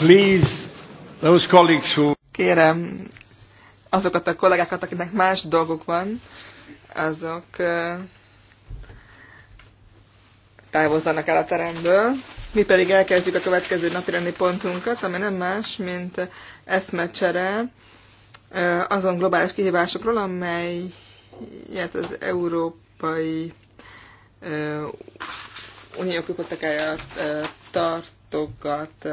Please, those colleagues who... Kérem, azokat a kollégákat, akiknek más dolgok van, azok távozzanak el a teremből. Mi pedig elkezdjük a következő napirendi pontunkat, ami nem más, mint eszmecsere azon globális kihívásokról, amelyet az Európai Unió kutatákája tartogat.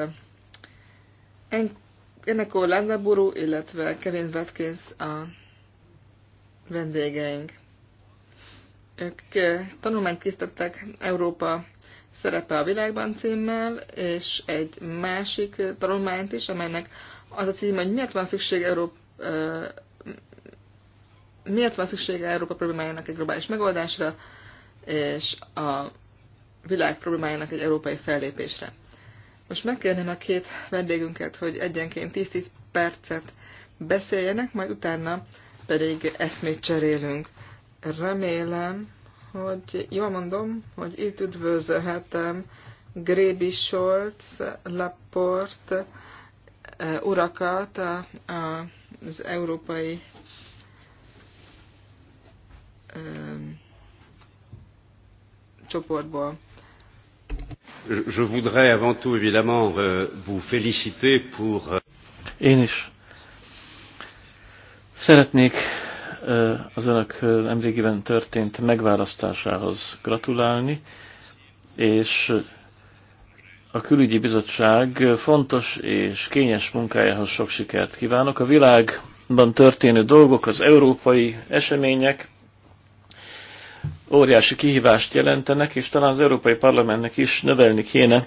Ennek Landaburu, illetve Kevin Watkins a vendégeink. Ők tanulmányt készítettek Európa szerepe a világban címmel, és egy másik tanulmányt is, amelynek az a cím, hogy miért van szükség Európa, miért van szüksége Európa problémájának egy globális megoldásra, és a világ problémájának egy európai fellépésre. Most megkérném a két vendégünket, hogy egyenként 10-10 percet beszéljenek, majd utána pedig eszmét cserélünk. Remélem, hogy jól mondom, hogy itt üdvözölhetem Grébi Scholz, Laport, eh, urakat az európai eh, csoportból je voudrais avant tout évidemment euh, vous féliciter pour. Euh, Én is szeretnék az önök emlékében történt megválasztásához gratulálni, és a külügyi bizottság fontos és kényes munkájához sok sikert kívánok. A világban történő dolgok, az európai események óriási kihívást jelentenek, és talán az Európai Parlamentnek is növelni kéne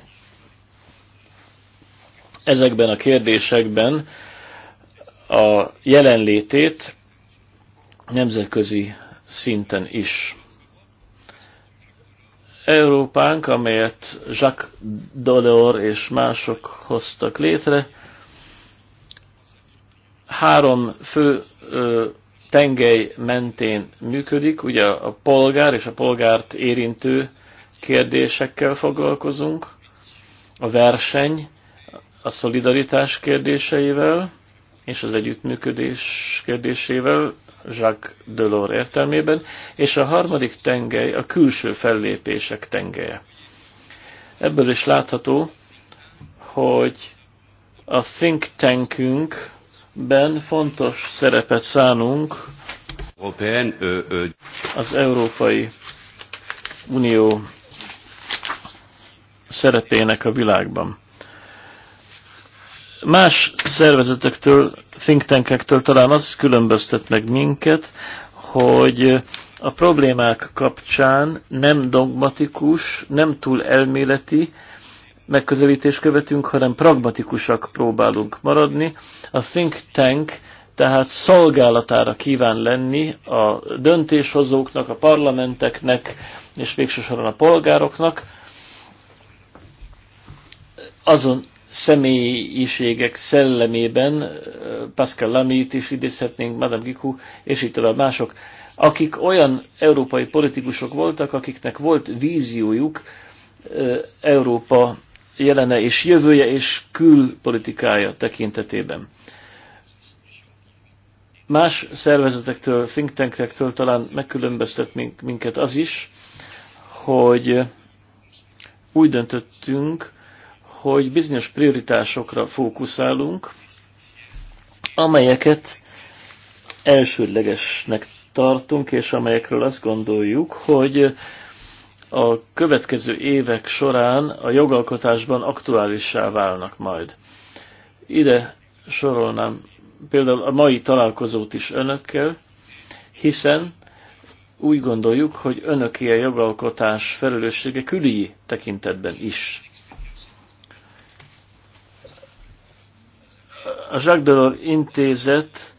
ezekben a kérdésekben a jelenlétét nemzetközi szinten is. Európánk, amelyet Jacques Dolor és mások hoztak létre, három fő ö, tengely mentén működik, ugye a polgár és a polgárt érintő kérdésekkel foglalkozunk, a verseny, a szolidaritás kérdéseivel és az együttműködés kérdésével, Jacques Delors értelmében, és a harmadik tengely a külső fellépések tengelye. Ebből is látható, hogy a think tankünk ben fontos szerepet szánunk az Európai Unió szerepének a világban. Más szervezetektől, think tankektől talán az különböztet meg minket, hogy a problémák kapcsán nem dogmatikus, nem túl elméleti, megközelítést követünk, hanem pragmatikusak próbálunk maradni. A think tank tehát szolgálatára kíván lenni a döntéshozóknak, a parlamenteknek és végsősorban a polgároknak, azon személyiségek szellemében, eh, Pascal Lamit is idézhetnénk, Madame Giku, és így tovább mások, akik olyan európai politikusok voltak, akiknek volt víziójuk eh, Európa jelene és jövője és külpolitikája tekintetében. Más szervezetektől, think tankektől talán megkülönböztet minket az is, hogy úgy döntöttünk, hogy bizonyos prioritásokra fókuszálunk, amelyeket elsődlegesnek tartunk, és amelyekről azt gondoljuk, hogy a következő évek során a jogalkotásban aktuálissá válnak majd. Ide sorolnám például a mai találkozót is önökkel, hiszen úgy gondoljuk, hogy önöké a jogalkotás felelőssége külügyi tekintetben is. A Jacques Delors intézet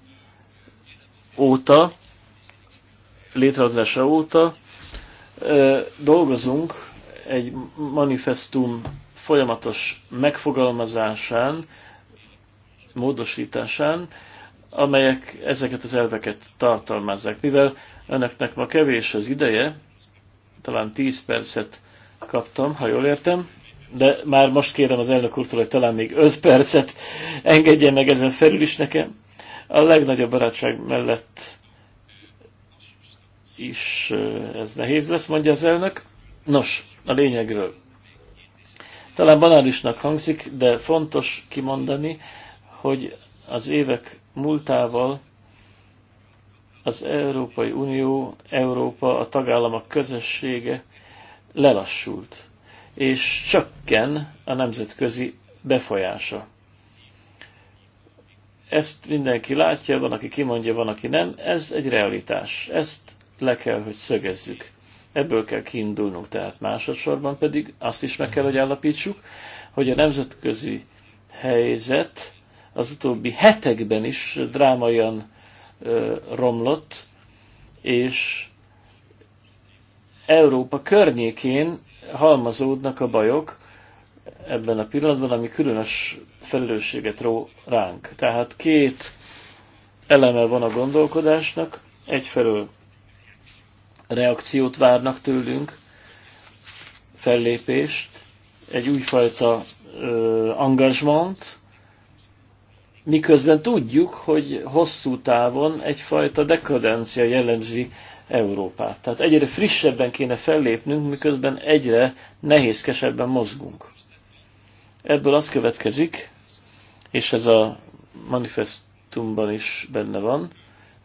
óta, létrehozása óta dolgozunk egy manifestum folyamatos megfogalmazásán, módosításán, amelyek ezeket az elveket tartalmazzák. Mivel önöknek ma kevés az ideje, talán 10 percet kaptam, ha jól értem, de már most kérem az elnök úrtól, hogy talán még 5 percet engedjen meg ezen felül is nekem. A legnagyobb barátság mellett is ez nehéz lesz, mondja az elnök. Nos, a lényegről. Talán banálisnak hangzik, de fontos kimondani, hogy az évek múltával az Európai Unió, Európa, a tagállamok közössége lelassult, és csökken a nemzetközi befolyása. Ezt mindenki látja, van, aki kimondja, van, aki nem, ez egy realitás. Ezt le kell, hogy szögezzük. Ebből kell kiindulnunk, tehát másodszorban pedig azt is meg kell, hogy állapítsuk, hogy a nemzetközi helyzet az utóbbi hetekben is drámaian ö, romlott, és Európa környékén halmazódnak a bajok ebben a pillanatban, ami különös felelősséget ró ránk. Tehát két eleme van a gondolkodásnak, egyfelől reakciót várnak tőlünk, fellépést, egy újfajta engagement, miközben tudjuk, hogy hosszú távon egyfajta dekadencia jellemzi Európát. Tehát egyre frissebben kéne fellépnünk, miközben egyre nehézkesebben mozgunk. Ebből az következik, és ez a manifestumban is benne van,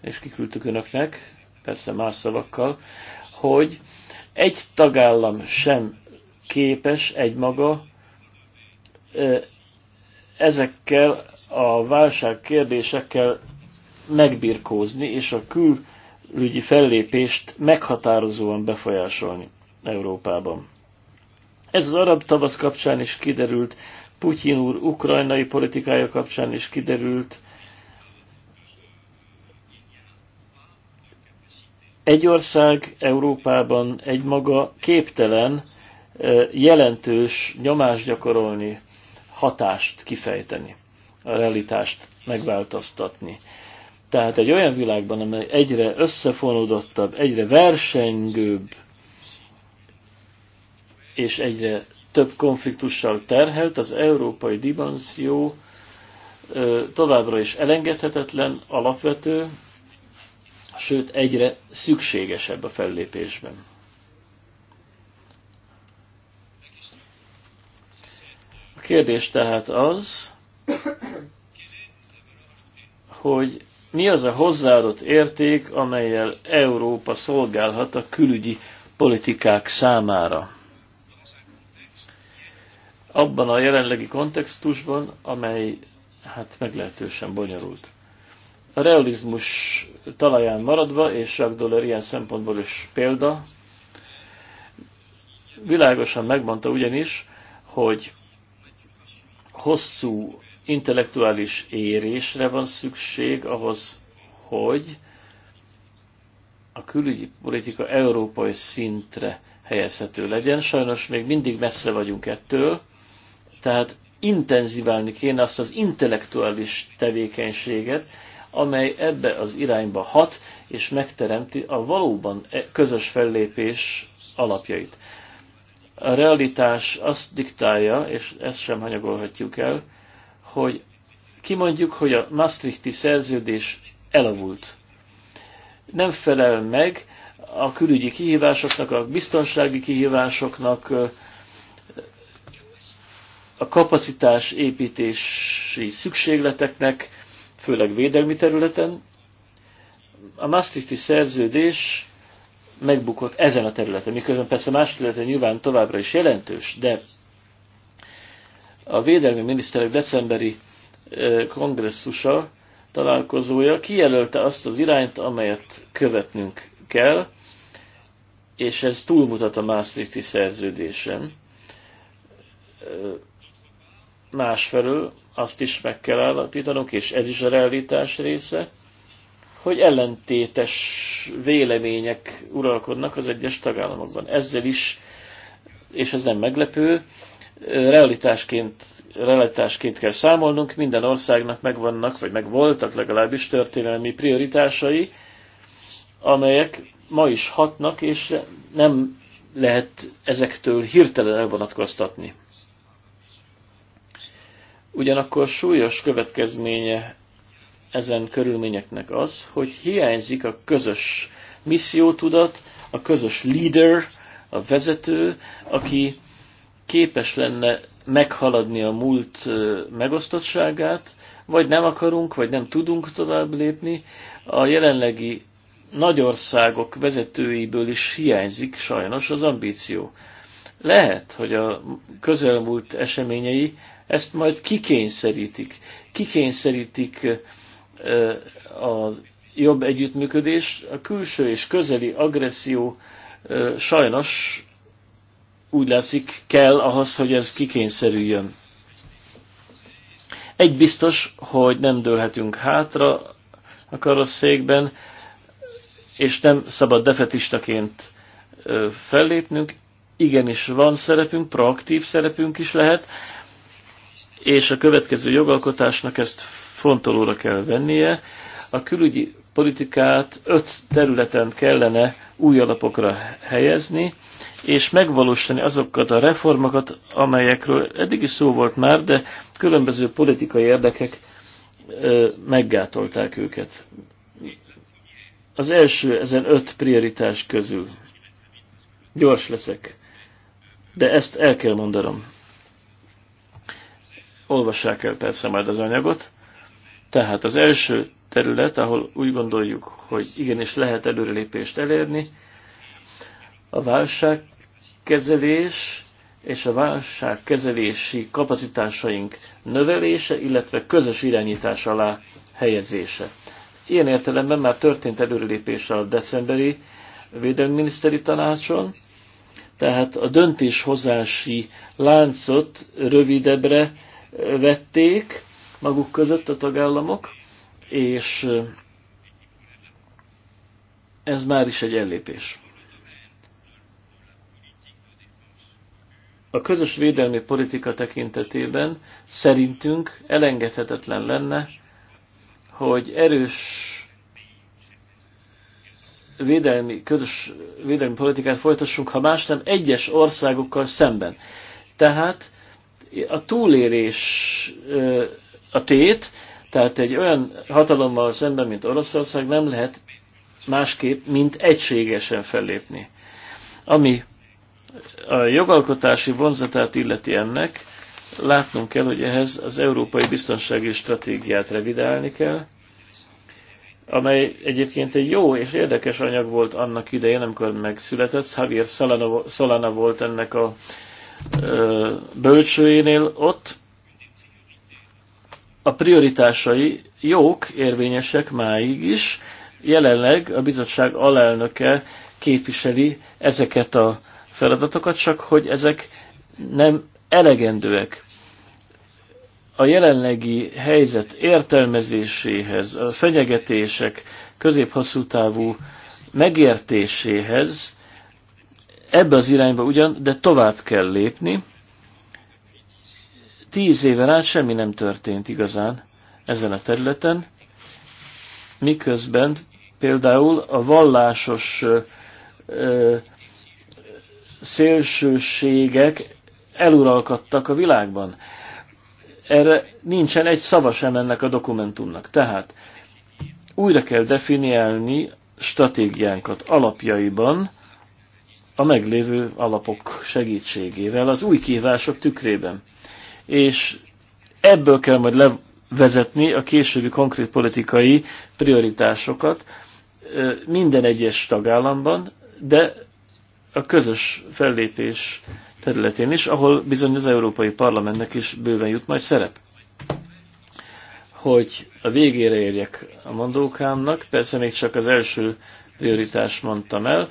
és kiküldtük önöknek, persze más szavakkal, hogy egy tagállam sem képes egymaga ezekkel a válság kérdésekkel megbirkózni, és a külügyi fellépést meghatározóan befolyásolni Európában. Ez az arab tavasz kapcsán is kiderült, Putyin úr ukrajnai politikája kapcsán is kiderült, Egy ország Európában egymaga képtelen jelentős nyomást gyakorolni, hatást kifejteni, a realitást megváltoztatni. Tehát egy olyan világban, amely egyre összefonódottabb, egyre versengőbb, és egyre több konfliktussal terhelt, az európai dimenzió továbbra is elengedhetetlen, alapvető, sőt egyre szükségesebb a fellépésben. A kérdés tehát az, hogy mi az a hozzáadott érték, amelyel Európa szolgálhat a külügyi politikák számára. Abban a jelenlegi kontextusban, amely hát meglehetősen bonyolult. A realizmus talaján maradva, és Jacques Dollar ilyen szempontból is példa, világosan megmondta ugyanis, hogy hosszú intellektuális érésre van szükség ahhoz, hogy a külügyi politika európai szintre helyezhető legyen. Sajnos még mindig messze vagyunk ettől, tehát intenzíválni kéne azt az intellektuális tevékenységet, amely ebbe az irányba hat, és megteremti a valóban e- közös fellépés alapjait. A realitás azt diktálja, és ezt sem hanyagolhatjuk el, hogy kimondjuk, hogy a Maastrichti szerződés elavult. Nem felel meg a külügyi kihívásoknak, a biztonsági kihívásoknak, a kapacitás építési szükségleteknek, főleg védelmi területen. A Maastrichti szerződés megbukott ezen a területen, miközben persze más területen nyilván továbbra is jelentős, de a védelmi miniszterek decemberi kongresszusa, találkozója kijelölte azt az irányt, amelyet követnünk kell, és ez túlmutat a Maastrichti szerződésen másfelől azt is meg kell állapítanunk, és ez is a realitás része, hogy ellentétes vélemények uralkodnak az egyes tagállamokban. Ezzel is, és ez nem meglepő, realitásként, realitásként kell számolnunk, minden országnak megvannak, vagy megvoltak legalábbis történelmi prioritásai, amelyek ma is hatnak, és nem lehet ezektől hirtelen elvonatkoztatni. Ugyanakkor súlyos következménye ezen körülményeknek az, hogy hiányzik a közös missziótudat, a közös leader, a vezető, aki képes lenne meghaladni a múlt megosztottságát, vagy nem akarunk, vagy nem tudunk tovább lépni. A jelenlegi nagyországok vezetőiből is hiányzik sajnos az ambíció. Lehet, hogy a közelmúlt eseményei ezt majd kikényszerítik. Kikényszerítik a jobb együttműködés, a külső és közeli agresszió sajnos úgy látszik kell ahhoz, hogy ez kikényszerüljön. Egy biztos, hogy nem dőlhetünk hátra a karosszékben, és nem szabad defetistaként fellépnünk, igenis van szerepünk, proaktív szerepünk is lehet, és a következő jogalkotásnak ezt fontolóra kell vennie. A külügyi politikát öt területen kellene új alapokra helyezni, és megvalósítani azokat a reformokat, amelyekről eddig is szó volt már, de különböző politikai érdekek meggátolták őket. Az első ezen öt prioritás közül. Gyors leszek de ezt el kell mondanom. Olvassák el persze majd az anyagot. Tehát az első terület, ahol úgy gondoljuk, hogy igenis lehet előrelépést elérni, a válságkezelés és a válságkezelési kapacitásaink növelése, illetve közös irányítás alá helyezése. Ilyen értelemben már történt előrelépés a decemberi védelmi miniszteri tanácson, tehát a döntéshozási láncot rövidebbre eh, vették maguk között a tagállamok, és eh, ez már is egy ellépés. A közös védelmi politika tekintetében szerintünk elengedhetetlen lenne, hogy erős védelmi, közös védelmi politikát folytassunk, ha más nem, egyes országokkal szemben. Tehát a túlérés a tét, tehát egy olyan hatalommal szemben, mint Oroszország nem lehet másképp, mint egységesen fellépni. Ami a jogalkotási vonzatát illeti ennek, látnunk kell, hogy ehhez az európai biztonsági stratégiát revidálni kell, amely egyébként egy jó és érdekes anyag volt annak idején, amikor megszületett. Javier Solana, Solana volt ennek a ö, bölcsőjénél ott. A prioritásai jók, érvényesek máig is. Jelenleg a bizottság alelnöke képviseli ezeket a feladatokat, csak hogy ezek nem elegendőek a jelenlegi helyzet értelmezéséhez, a fenyegetések középhosszú távú megértéséhez ebbe az irányba ugyan, de tovább kell lépni. Tíz éven át semmi nem történt igazán ezen a területen, miközben például a vallásos ö, ö, szélsőségek eluralkodtak a világban erre nincsen egy szava sem ennek a dokumentumnak. Tehát újra kell definiálni stratégiánkat alapjaiban, a meglévő alapok segítségével, az új kihívások tükrében. És ebből kell majd levezetni a későbbi konkrét politikai prioritásokat minden egyes tagállamban, de a közös fellépés területén is, ahol bizony az Európai Parlamentnek is bőven jut majd szerep. Hogy a végére érjek a mondókámnak, persze még csak az első prioritást mondtam el,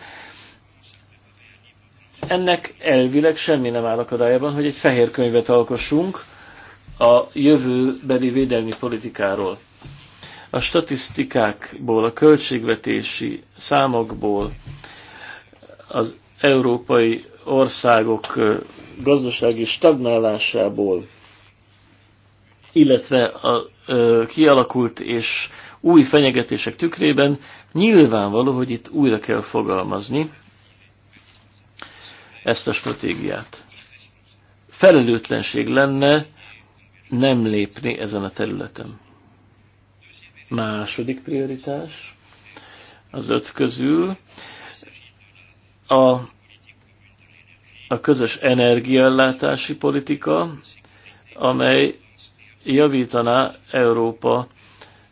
ennek elvileg semmi nem áll akadályában, hogy egy fehér könyvet alkossunk a jövőbeli védelmi politikáról. A statisztikákból, a költségvetési számokból, az európai országok gazdasági stagnálásából, illetve a kialakult és új fenyegetések tükrében nyilvánvaló, hogy itt újra kell fogalmazni ezt a stratégiát. Felelőtlenség lenne nem lépni ezen a területen. Második prioritás az öt közül a a közös energiaellátási politika, amely javítaná Európa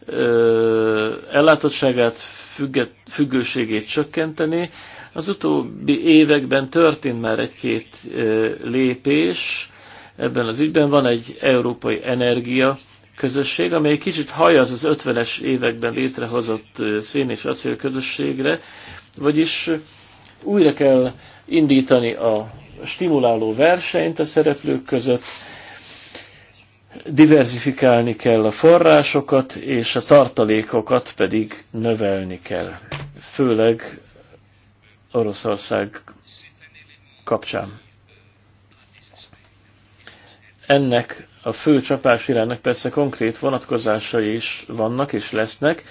ö, ellátottságát, függet, függőségét csökkenteni. Az utóbbi években történt már egy-két lépés ebben az ügyben. Van egy európai energia közösség, amely kicsit hajaz az 50-es években létrehozott szén és acél közösségre, vagyis újra kell indítani a stimuláló versenyt a szereplők között, diversifikálni kell a forrásokat, és a tartalékokat pedig növelni kell, főleg Oroszország kapcsán. Ennek a fő csapás iránynak persze konkrét vonatkozásai is vannak és lesznek,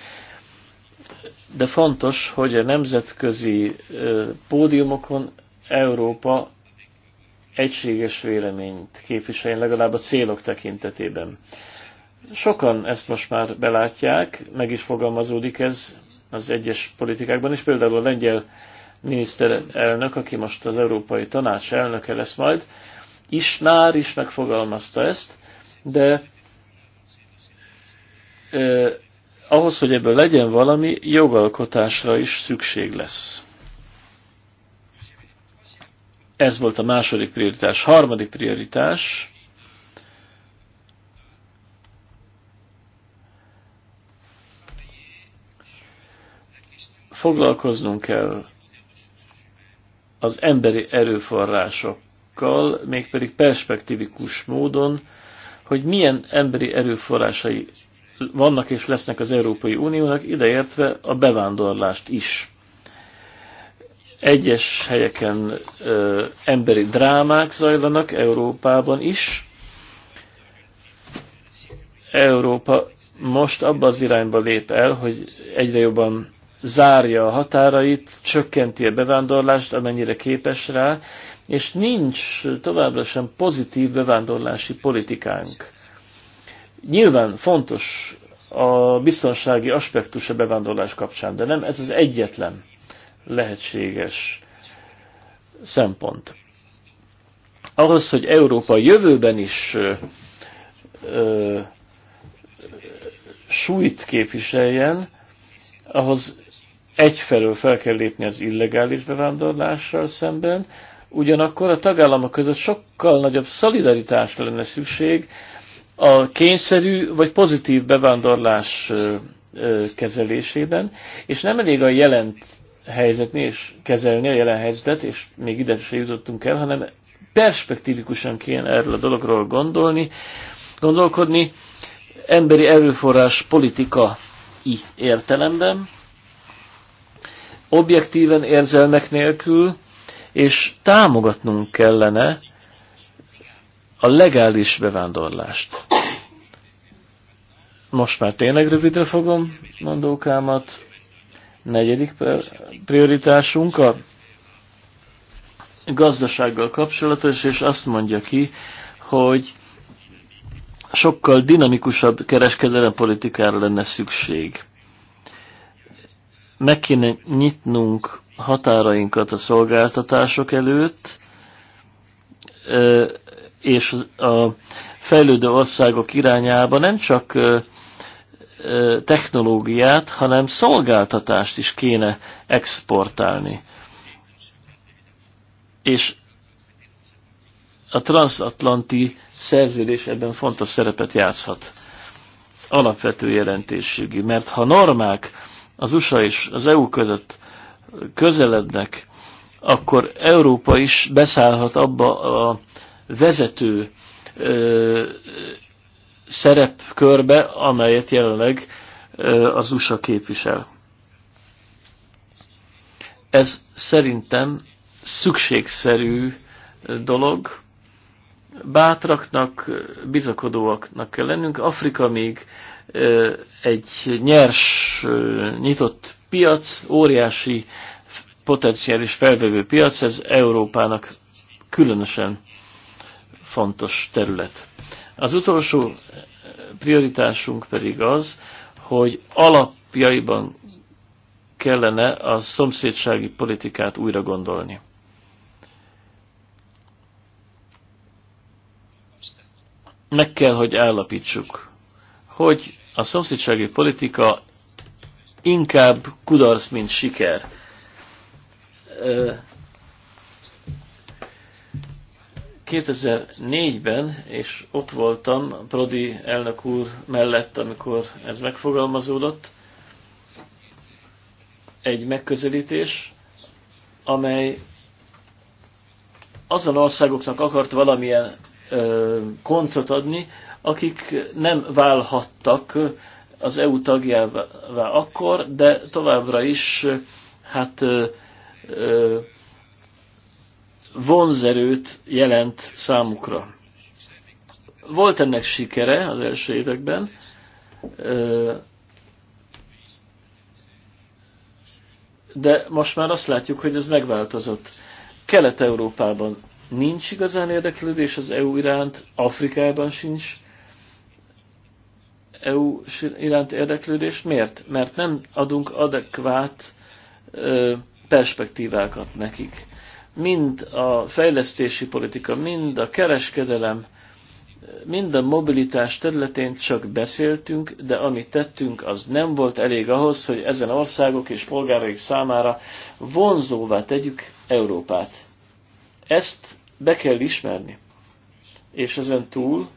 de fontos, hogy a nemzetközi pódiumokon Európa egységes véleményt képviseljen legalább a célok tekintetében. Sokan ezt most már belátják, meg is fogalmazódik ez az egyes politikákban is, például a lengyel miniszterelnök, aki most az Európai Tanács elnöke lesz majd, is már is megfogalmazta ezt, de eh, ahhoz, hogy ebből legyen valami, jogalkotásra is szükség lesz. Ez volt a második prioritás. Harmadik prioritás, foglalkoznunk kell az emberi erőforrásokkal, mégpedig perspektívikus módon, hogy milyen emberi erőforrásai vannak és lesznek az Európai Uniónak, ideértve a bevándorlást is. Egyes helyeken ö, emberi drámák zajlanak Európában is. Európa most abba az irányba lép el, hogy egyre jobban zárja a határait, csökkenti a bevándorlást, amennyire képes rá, és nincs továbbra sem pozitív bevándorlási politikánk. Nyilván fontos a biztonsági aspektus a bevándorlás kapcsán, de nem ez az egyetlen lehetséges szempont. Ahhoz, hogy Európa jövőben is ö, ö, súlyt képviseljen, ahhoz egyfelől fel kell lépni az illegális bevándorlással szemben, ugyanakkor a tagállamok között sokkal nagyobb szolidaritásra lenne szükség a kényszerű vagy pozitív bevándorlás kezelésében, és nem elég a jelent helyzetni és kezelni a jelen helyzetet, és még ide se jutottunk el, hanem perspektívikusan kéne erről a dologról gondolni, gondolkodni, emberi erőforrás politika i értelemben, objektíven érzelmek nélkül, és támogatnunk kellene a legális bevándorlást. Most már tényleg rövidre fogom mondókámat. Negyedik prioritásunk a gazdasággal kapcsolatos, és azt mondja ki, hogy sokkal dinamikusabb kereskedelem politikára lenne szükség. Meg kéne nyitnunk határainkat a szolgáltatások előtt, és a fejlődő országok irányába nem csak technológiát, hanem szolgáltatást is kéne exportálni. És a transatlanti szerződés ebben fontos szerepet játszhat. Alapvető jelentésségű, mert ha normák az USA és az EU között közelednek, akkor Európa is beszállhat abba a vezető szerepkörbe, amelyet jelenleg az USA képvisel. Ez szerintem szükségszerű dolog. Bátraknak, bizakodóaknak kell lennünk. Afrika még egy nyers, nyitott piac, óriási potenciális felvevő piac, ez Európának különösen fontos terület. Az utolsó prioritásunk pedig az, hogy alapjaiban kellene a szomszédsági politikát újra gondolni. Meg kell, hogy állapítsuk, hogy a szomszédsági politika inkább kudarc, mint siker 2004-ben, és ott voltam Prodi elnök úr mellett, amikor ez megfogalmazódott, egy megközelítés, amely azon országoknak akart valamilyen ö, koncot adni, akik nem válhattak az EU tagjává akkor, de továbbra is hát ö, ö, vonzerőt jelent számukra. Volt ennek sikere az első években, de most már azt látjuk, hogy ez megváltozott. Kelet-Európában nincs igazán érdeklődés az EU iránt, Afrikában sincs EU iránt érdeklődés. Miért? Mert nem adunk adekvát perspektívákat nekik mind a fejlesztési politika, mind a kereskedelem, mind a mobilitás területén csak beszéltünk, de amit tettünk, az nem volt elég ahhoz, hogy ezen országok és polgáraik számára vonzóvá tegyük Európát. Ezt be kell ismerni. És ezen túl,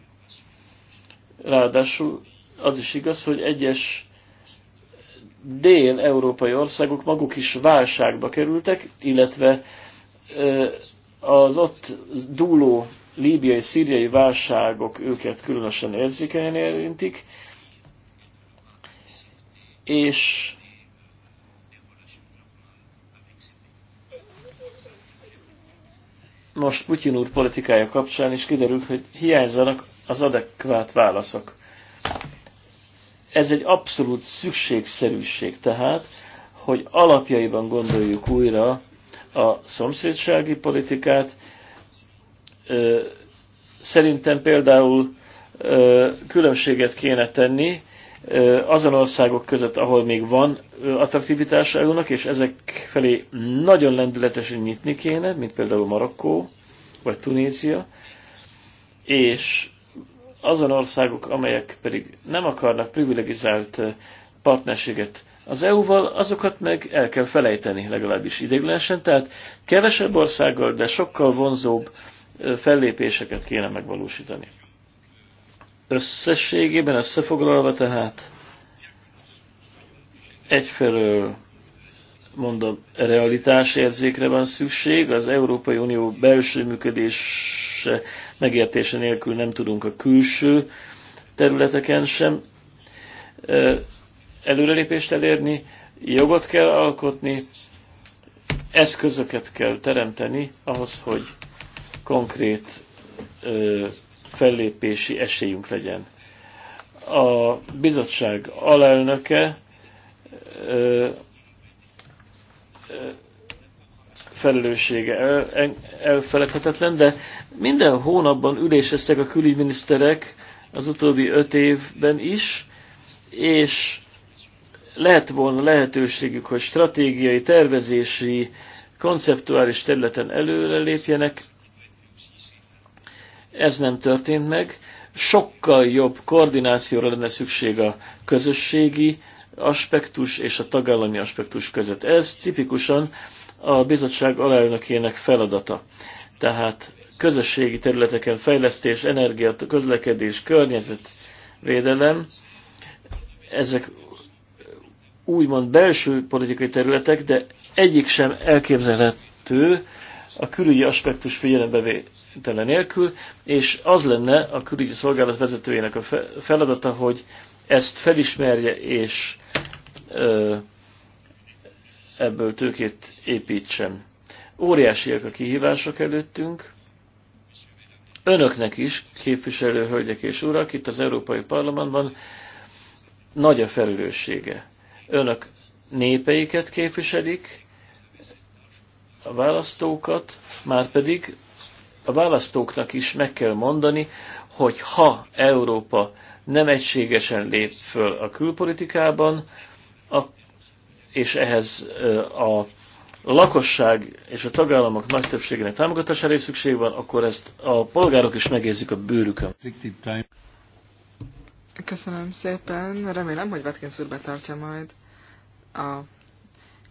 ráadásul az is igaz, hogy egyes dél-európai országok maguk is válságba kerültek, illetve az ott dúló líbiai, szíriai válságok őket különösen érzékenyen érintik, és most Putyin úr politikája kapcsán is kiderült, hogy hiányzanak az adekvát válaszok. Ez egy abszolút szükségszerűség tehát, hogy alapjaiban gondoljuk újra a szomszédsági politikát. Szerintem például különbséget kéne tenni azon országok között, ahol még van attraktivitása EU-nak, és ezek felé nagyon lendületesen nyitni kéne, mint például Marokkó vagy Tunézia, és azon országok, amelyek pedig nem akarnak privilegizált partnerséget az EU-val azokat meg el kell felejteni, legalábbis idéglenesen, tehát kevesebb országgal, de sokkal vonzóbb fellépéseket kéne megvalósítani. Összességében összefoglalva tehát egyfelől mondom, realitás érzékre van szükség, az Európai Unió belső működése megértése nélkül nem tudunk a külső területeken sem előrelépést elérni, jogot kell alkotni, eszközöket kell teremteni ahhoz, hogy konkrét ö, fellépési esélyünk legyen. A bizottság alelnöke ö, ö, felelőssége el, elfeledhetetlen, de minden hónapban üléseztek a külügyminiszterek az utóbbi öt évben is, és lehet volna lehetőségük, hogy stratégiai, tervezési, konceptuális területen előrelépjenek. Ez nem történt meg. Sokkal jobb koordinációra lenne szükség a közösségi aspektus és a tagállami aspektus között. Ez tipikusan a bizottság alelnökének feladata. Tehát közösségi területeken fejlesztés, energia, közlekedés, környezetvédelem, ezek úgymond belső politikai területek, de egyik sem elképzelhető a külügyi aspektus figyelembevétele nélkül, és az lenne a külügyi szolgálat vezetőjének a feladata, hogy ezt felismerje és ö, ebből tőkét építsen. Óriásiak a kihívások előttünk. Önöknek is, képviselő hölgyek és urak, itt az Európai Parlamentban nagy a felelőssége önök népeiket képviselik, a választókat, már pedig a választóknak is meg kell mondani, hogy ha Európa nem egységesen lép föl a külpolitikában, a, és ehhez a lakosság és a tagállamok nagy többségének támogatására is szükség van, akkor ezt a polgárok is megérzik a bőrükön. Köszönöm szépen. Remélem, hogy Vetkins úr betartja majd a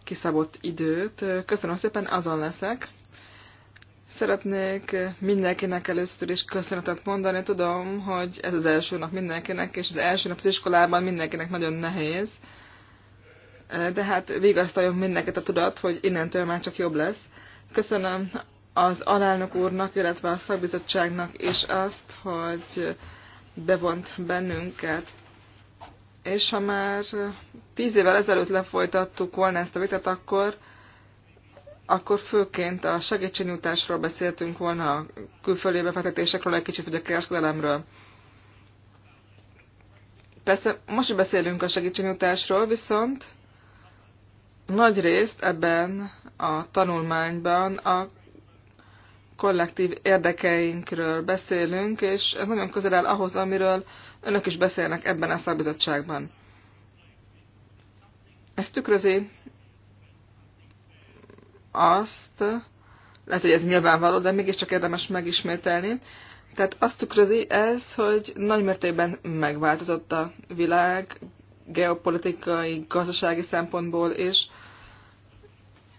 kiszabott időt. Köszönöm szépen, azon leszek. Szeretnék mindenkinek először is köszönetet mondani. Tudom, hogy ez az első nap mindenkinek, és az első nap az iskolában mindenkinek nagyon nehéz. De hát vigasztaljon mindenkit a tudat, hogy innentől már csak jobb lesz. Köszönöm az alelnök úrnak, illetve a szakbizottságnak is azt, hogy bevont bennünket. És ha már tíz évvel ezelőtt lefolytattuk volna ezt a vitát, akkor, akkor főként a segítségnyújtásról beszéltünk volna, a külföldi befektetésekről egy kicsit, vagy a kereskedelemről. Persze most is beszélünk a segítségnyújtásról, viszont nagy részt ebben a tanulmányban a kollektív érdekeinkről beszélünk, és ez nagyon közel áll ahhoz, amiről önök is beszélnek ebben a szakbizottságban. Ez tükrözi azt, lehet, hogy ez nyilvánvaló, de mégiscsak érdemes megismételni. Tehát azt tükrözi ez, hogy nagy mértékben megváltozott a világ geopolitikai, gazdasági szempontból, és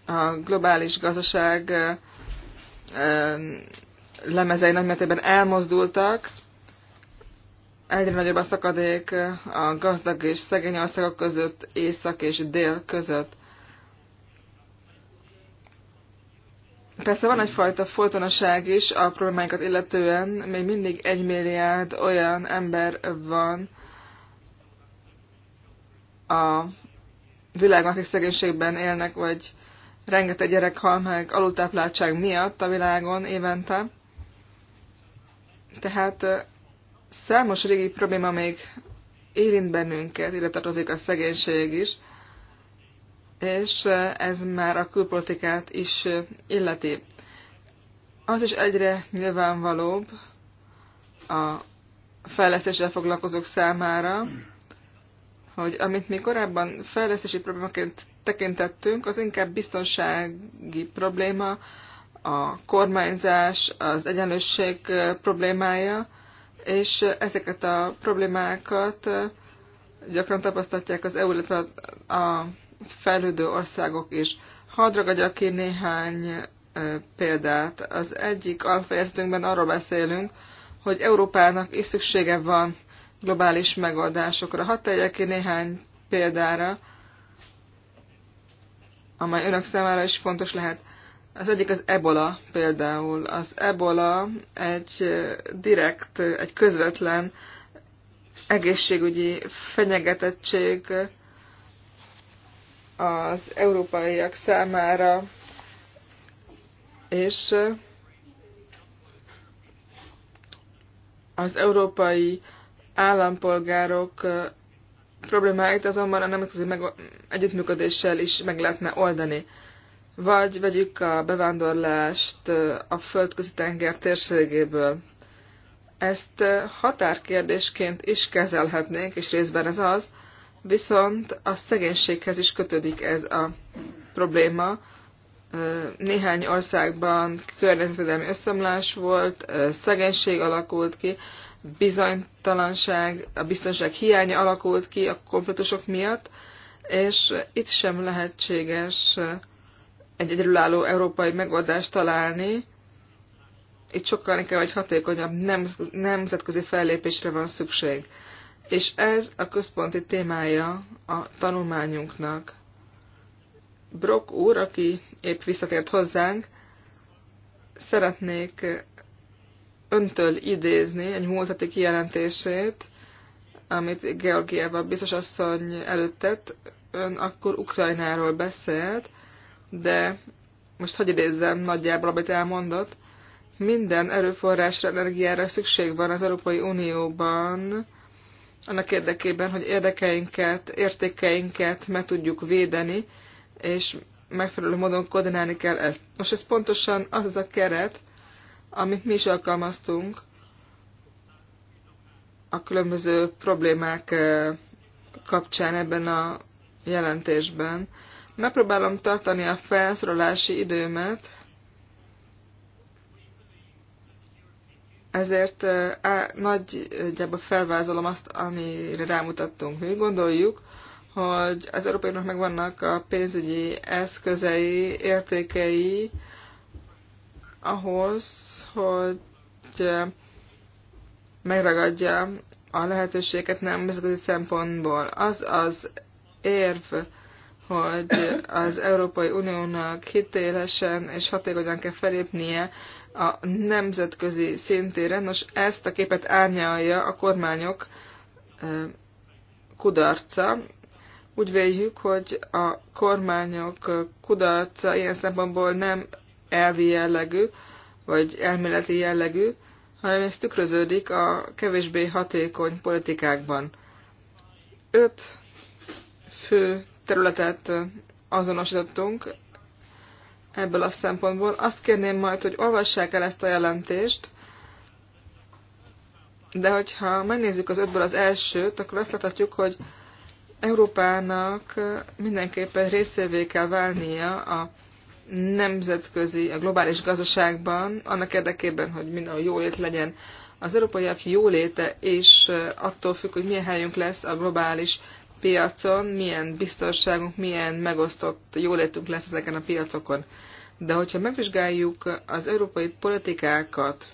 a globális gazdaság lemezei nagymértékben elmozdultak, egyre nagyobb a szakadék a gazdag és szegény országok között, észak és dél között. Persze van egyfajta folytonosság is a problémáinkat illetően, még mindig egy milliárd olyan ember van a világban, akik szegénységben élnek, vagy rengeteg gyerek hal meg alultápláltság miatt a világon évente. Tehát számos régi probléma még érint bennünket, ide tartozik a szegénység is, és ez már a külpolitikát is illeti. Az is egyre nyilvánvalóbb a fejlesztéssel foglalkozók számára, hogy amit mi korábban fejlesztési problémaként tekintettünk, az inkább biztonsági probléma, a kormányzás, az egyenlősség problémája, és ezeket a problémákat gyakran tapasztalják az EU, illetve a fejlődő országok is. Hadd ragadjak ki néhány példát. Az egyik alfejezetünkben arról beszélünk, hogy Európának is szüksége van globális megoldásokra. Hadd tegyek ki néhány példára amely önök számára is fontos lehet. Az egyik az ebola például. Az ebola egy direkt, egy közvetlen egészségügyi fenyegetettség az európaiak számára, és az európai állampolgárok problémáit azonban a nemzetközi meg, együttműködéssel is meg lehetne oldani. Vagy vegyük a bevándorlást a földközi tenger térségéből. Ezt határkérdésként is kezelhetnénk, és részben ez az, viszont a szegénységhez is kötődik ez a probléma. Néhány országban környezetvédelmi összeomlás volt, szegénység alakult ki, bizonytalanság, a biztonság hiánya alakult ki a konfliktusok miatt, és itt sem lehetséges egy egyedülálló európai megoldást találni. Itt sokkal inkább egy hatékonyabb nemzetközi fellépésre van szükség. És ez a központi témája a tanulmányunknak. Brock úr, aki épp visszatért hozzánk, szeretnék öntől idézni egy múlt heti kijelentését, amit Georgieva biztos asszony előtt tett. Ön akkor Ukrajnáról beszélt, de most hogy idézzem nagyjából, amit elmondott, minden erőforrásra, energiára szükség van az Európai Unióban, annak érdekében, hogy érdekeinket, értékeinket meg tudjuk védeni, és megfelelő módon koordinálni kell ezt. Most ez pontosan az az a keret, amit mi is alkalmaztunk a különböző problémák kapcsán ebben a jelentésben. Megpróbálom tartani a felszorolási időmet, ezért á, nagyjából felvázolom azt, amire rámutattunk. Mi gondoljuk, hogy az európaiaknak megvannak a pénzügyi eszközei, értékei, ahhoz, hogy megragadja a lehetőséget nemzetközi szempontból. Az az érv, hogy az Európai Uniónak hitélesen és hatékonyan kell felépnie a nemzetközi szintére. Nos, ezt a képet árnyalja a kormányok kudarca. Úgy véljük, hogy a kormányok kudarca ilyen szempontból nem elvi jellegű, vagy elméleti jellegű, hanem ez tükröződik a kevésbé hatékony politikákban. Öt fő területet azonosítottunk ebből a szempontból. Azt kérném majd, hogy olvassák el ezt a jelentést, de hogyha megnézzük az ötből az elsőt, akkor azt láthatjuk, hogy Európának mindenképpen részévé kell válnia a nemzetközi, a globális gazdaságban, annak érdekében, hogy jó jólét legyen. Az európaiak jóléte és eh, attól függ, hogy milyen helyünk lesz a globális piacon, milyen biztonságunk, milyen megosztott jólétünk lesz ezeken a piacokon. De hogyha megvizsgáljuk az európai politikákat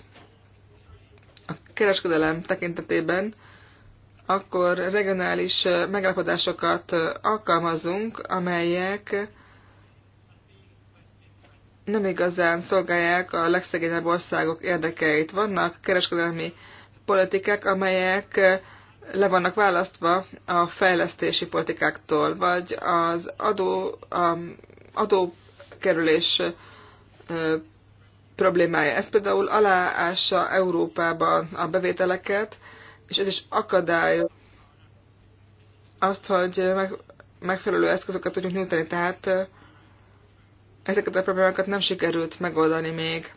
a kereskedelem tekintetében, akkor regionális eh, megállapodásokat eh, alkalmazunk, amelyek nem igazán szolgálják a legszegényebb országok érdekeit. Vannak kereskedelmi politikák, amelyek eh, le vannak választva a fejlesztési politikáktól, vagy az adó, a adókerülés eh, problémája. Ez például aláássa Európában a bevételeket, és ez is akadály azt, hogy megfelelő eszközöket tudjuk nyújtani. Tehát eh, ezeket a problémákat nem sikerült megoldani még.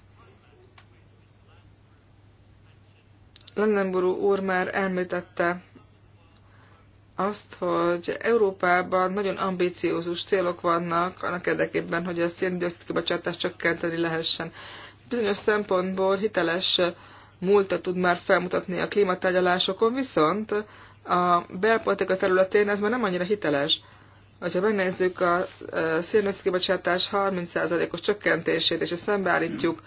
Lennemburu úr már említette azt, hogy Európában nagyon ambíciózus célok vannak annak érdekében, hogy a széndiokszid kibocsátást csökkenteni lehessen. Bizonyos szempontból hiteles múltat tud már felmutatni a klímatárgyalásokon, viszont a belpolitika területén ez már nem annyira hiteles. Ha megnézzük a szénőszi kibocsátás 30%-os csökkentését, és ezt szembeállítjuk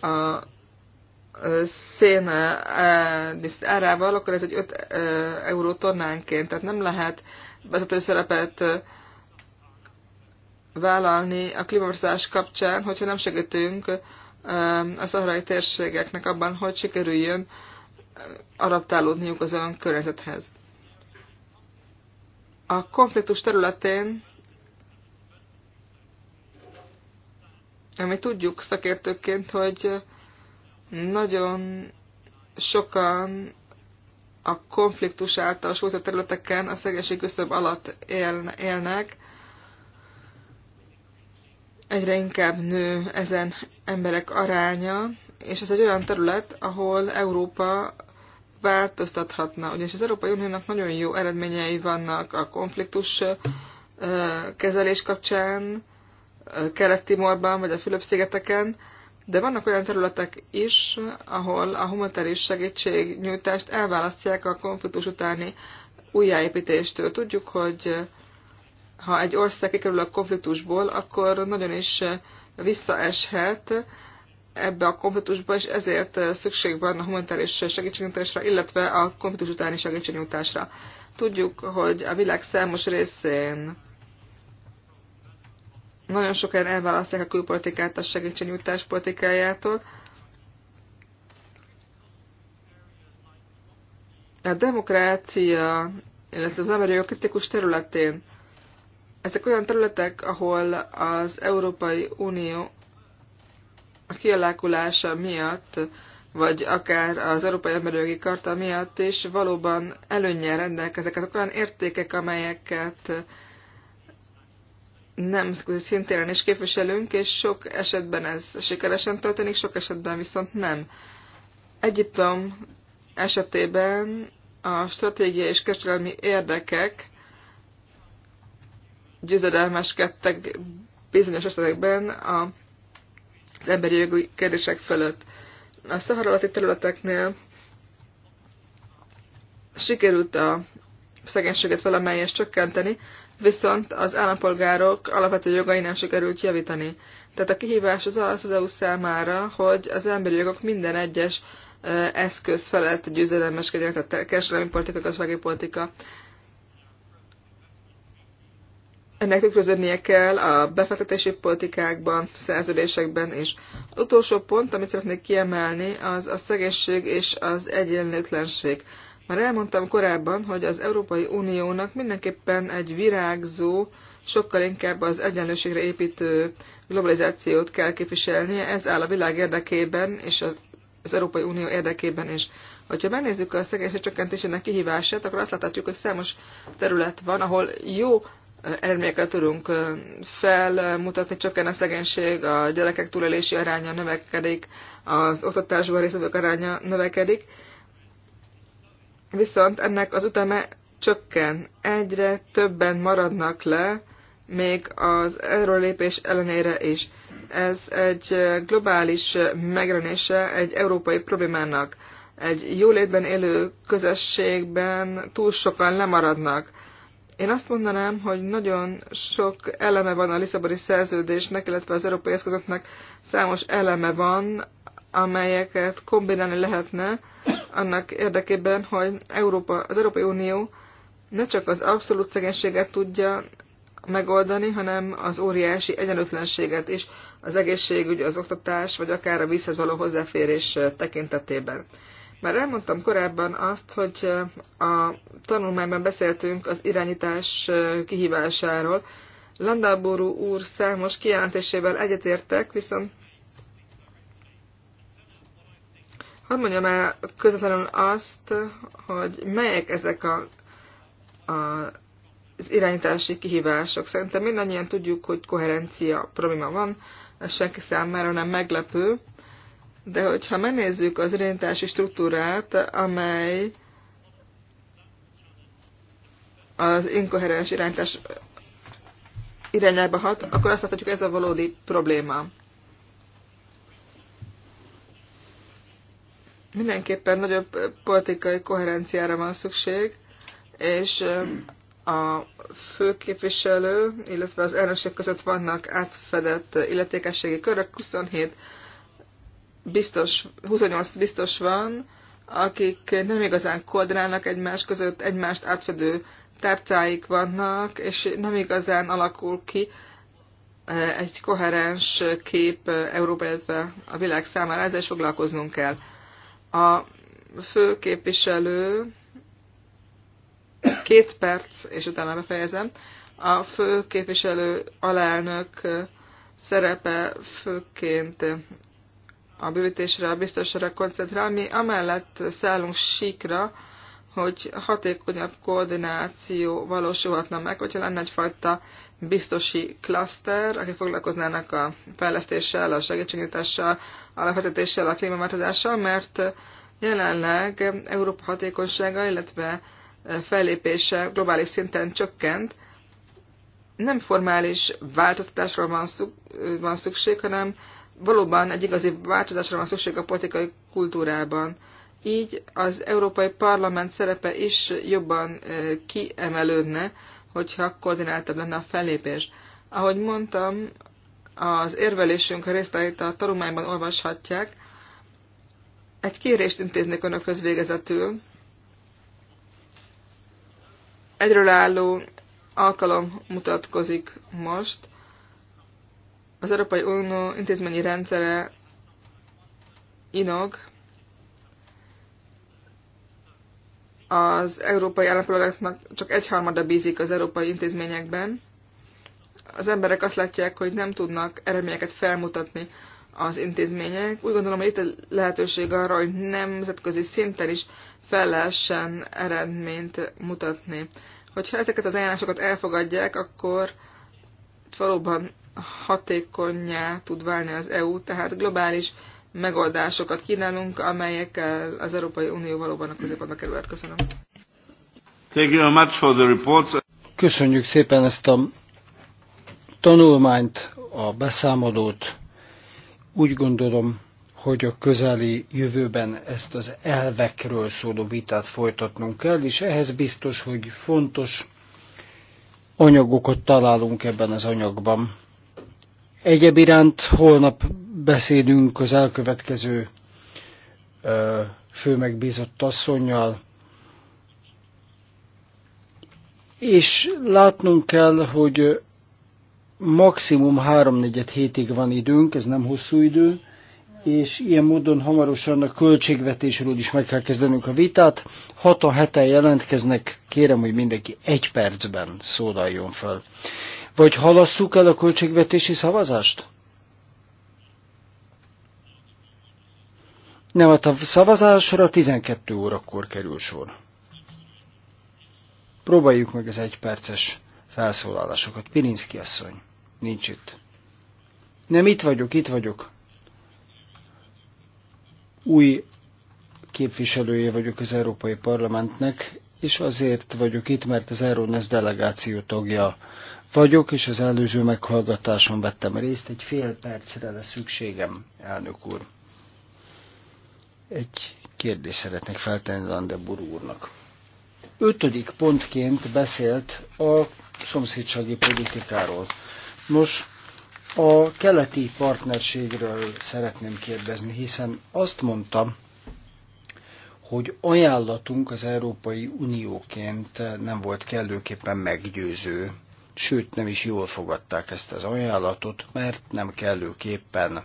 a szén árával, akkor ez egy 5 euró tonnánként, tehát nem lehet vezető szerepet vállalni a klímaváltozás kapcsán, hogyha nem segítünk a szaharai térségeknek abban, hogy sikerüljön adaptálódniuk az ön környezethez. A konfliktus területén, ami tudjuk szakértőként, hogy nagyon sokan a konfliktus által sújtott területeken a szegénység küszöb alatt élnek, egyre inkább nő ezen emberek aránya, és ez egy olyan terület, ahol Európa változtathatna, ugyanis az Európai Uniónak nagyon jó eredményei vannak a konfliktus kezelés kapcsán, Kelet-Timorban vagy a Fülöp-szigeteken, de vannak olyan területek is, ahol a humanitárius segítségnyújtást elválasztják a konfliktus utáni újjáépítéstől. Tudjuk, hogy ha egy ország kikerül a konfliktusból, akkor nagyon is visszaeshet, ebbe a konfliktusba, és ezért eh, szükség van a humanitáris segítségnyújtásra, illetve a konfliktus utáni segítségnyújtásra. Tudjuk, hogy a világ számos részén nagyon sokan elválasztják a külpolitikát a segítségnyújtás politikájától. A demokrácia, illetve az amerikai kritikus területén ezek olyan területek, ahol az Európai Unió a kialakulása miatt, vagy akár az Európai Emberjogi Karta miatt is valóban előnyel rendelkeznek. Azok olyan értékek, amelyeket nem szintén is képviselünk, és sok esetben ez sikeresen történik, sok esetben viszont nem. Egyiptom esetében a stratégiai és kereskedelmi érdekek győzedelmeskedtek bizonyos esetekben a az emberi jogi kérdések fölött. A szaharalati területeknél sikerült a szegénységet valamelyest csökkenteni, viszont az állampolgárok alapvető nem sikerült javítani. Tehát a kihívás az az az EU számára, hogy az emberi jogok minden egyes eszköz felett győzelemeskedjenek, tehát kereskedelmi politika, gazdasági politika, ennek tükröződnie kell a befektetési politikákban, szerződésekben is. Az utolsó pont, amit szeretnék kiemelni, az a szegénység és az egyenlőtlenség. Már elmondtam korábban, hogy az Európai Uniónak mindenképpen egy virágzó, sokkal inkább az egyenlőségre építő globalizációt kell képviselnie, ez áll a világ érdekében és az Európai Unió érdekében is. Ha megnézzük a szegénység csökkentésének kihívását, akkor azt láthatjuk, hogy számos terület van, ahol jó eredményeket tudunk felmutatni, csökken a szegénység, a gyerekek túlélési aránya növekedik, az oktatásban részvevők aránya növekedik, viszont ennek az üteme csökken, egyre többen maradnak le, még az erőlépés ellenére is. Ez egy globális megjelenése egy európai problémának. Egy jólétben élő közösségben túl sokan lemaradnak én azt mondanám, hogy nagyon sok eleme van a Lisszaboni szerződésnek, illetve az európai eszközöknek számos eleme van, amelyeket kombinálni lehetne annak érdekében, hogy Európa, az Európai Unió ne csak az abszolút szegénységet tudja megoldani, hanem az óriási egyenlőtlenséget is az egészségügy, az oktatás, vagy akár a vízhez való hozzáférés tekintetében. Már elmondtam korábban azt, hogy eh, a tanulmányban beszéltünk az irányítás eh, kihívásáról. Landáború úr számos kijelentésével egyetértek, viszont hadd mondjam el közvetlenül azt, hogy melyek ezek a, a, az irányítási kihívások. Szerintem mindannyian tudjuk, hogy koherencia probléma van, ez senki számára nem meglepő. De hogyha megnézzük az irányítási struktúrát, amely az inkoherens irányítás irányába hat, akkor azt láthatjuk, ez a valódi probléma. Mindenképpen nagyobb politikai koherenciára van szükség, és a főképviselő, illetve az elnökség között vannak átfedett illetékességi körök, 27 biztos, 28 biztos van, akik nem igazán koordinálnak egymás között, egymást átfedő tárcáik vannak, és nem igazán alakul ki eh, egy koherens kép Európa, illetve a világ számára, ezzel is foglalkoznunk kell. A fő képviselő, két perc, és utána befejezem, a fő képviselő alelnök eh, szerepe főként a bővítésre, a biztosra koncentrál. Mi amellett szállunk síkra, hogy hatékonyabb koordináció valósulhatna meg, hogyha lenne egyfajta biztosi klaszter, akik foglalkoznának a fejlesztéssel, a segítségnyújtással, a lefetetéssel, a klímaváltozással, mert jelenleg Európa hatékonysága, illetve fellépése globális szinten csökkent. Nem formális változtatásra van, szükség, hanem valóban egy igazi változásra van szükség a politikai kultúrában. Így az Európai Parlament szerepe is jobban eh, kiemelődne, hogyha koordináltabb lenne a fellépés. Ahogy mondtam, az érvelésünk részleteit a tanulmányban olvashatják. Egy kérést intéznék önökhöz végezetül. Egyről álló alkalom mutatkozik most – az Európai Unió intézményi rendszere inog, az európai állampolgároknak csak egyharmada bízik az európai intézményekben. Az emberek azt látják, hogy nem tudnak eredményeket felmutatni az intézmények. Úgy gondolom, hogy itt a lehetőség arra, hogy nemzetközi szinten is fel lehessen eredményt mutatni. Hogyha ezeket az ajánlásokat elfogadják, akkor valóban hatékonyá tud válni az EU, tehát globális megoldásokat kínálunk, amelyekkel az Európai Unió valóban a középpontba kerülhet. Köszönöm. Thank you much for the reports. Köszönjük szépen ezt a tanulmányt, a beszámolót. Úgy gondolom, hogy a közeli jövőben ezt az elvekről szóló vitát folytatnunk kell, és ehhez biztos, hogy fontos anyagokat találunk ebben az anyagban. Egyéb iránt holnap beszélünk az elkövetkező főmegbízott asszonynal, és látnunk kell, hogy maximum háromnegyed hétig van időnk, ez nem hosszú idő, és ilyen módon hamarosan a költségvetésről is meg kell kezdenünk a vitát. a heten jelentkeznek, kérem, hogy mindenki egy percben szólaljon fel. Vagy halasszuk el a költségvetési szavazást? Nem, hát a szavazásra 12 órakor kerül sor. Próbáljuk meg az egyperces felszólalásokat. Pirinszki asszony, nincs itt. Nem, itt vagyok, itt vagyok. Új képviselője vagyok az Európai Parlamentnek, és azért vagyok itt, mert az Euronest delegáció tagja vagyok, és az előző meghallgatáson vettem részt. Egy fél percre lesz szükségem, elnök úr. Egy kérdést szeretnék feltenni Landebur úrnak. Ötödik pontként beszélt a szomszédsági politikáról. Nos, a keleti partnerségről szeretném kérdezni, hiszen azt mondtam, hogy ajánlatunk az Európai Unióként nem volt kellőképpen meggyőző sőt nem is jól fogadták ezt az ajánlatot, mert nem kellőképpen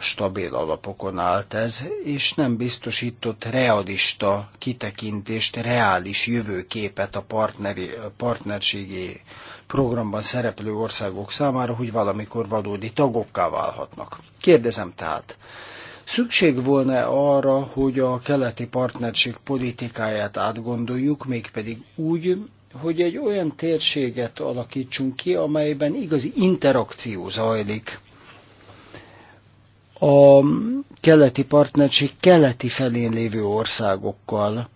stabil alapokon állt ez, és nem biztosított realista kitekintést, reális jövőképet a partneri, partnerségi programban szereplő országok számára, hogy valamikor valódi tagokká válhatnak. Kérdezem tehát, Szükség volna arra, hogy a keleti partnerség politikáját átgondoljuk, mégpedig úgy, hogy egy olyan térséget alakítsunk ki, amelyben igazi interakció zajlik a keleti partnerség keleti felén lévő országokkal.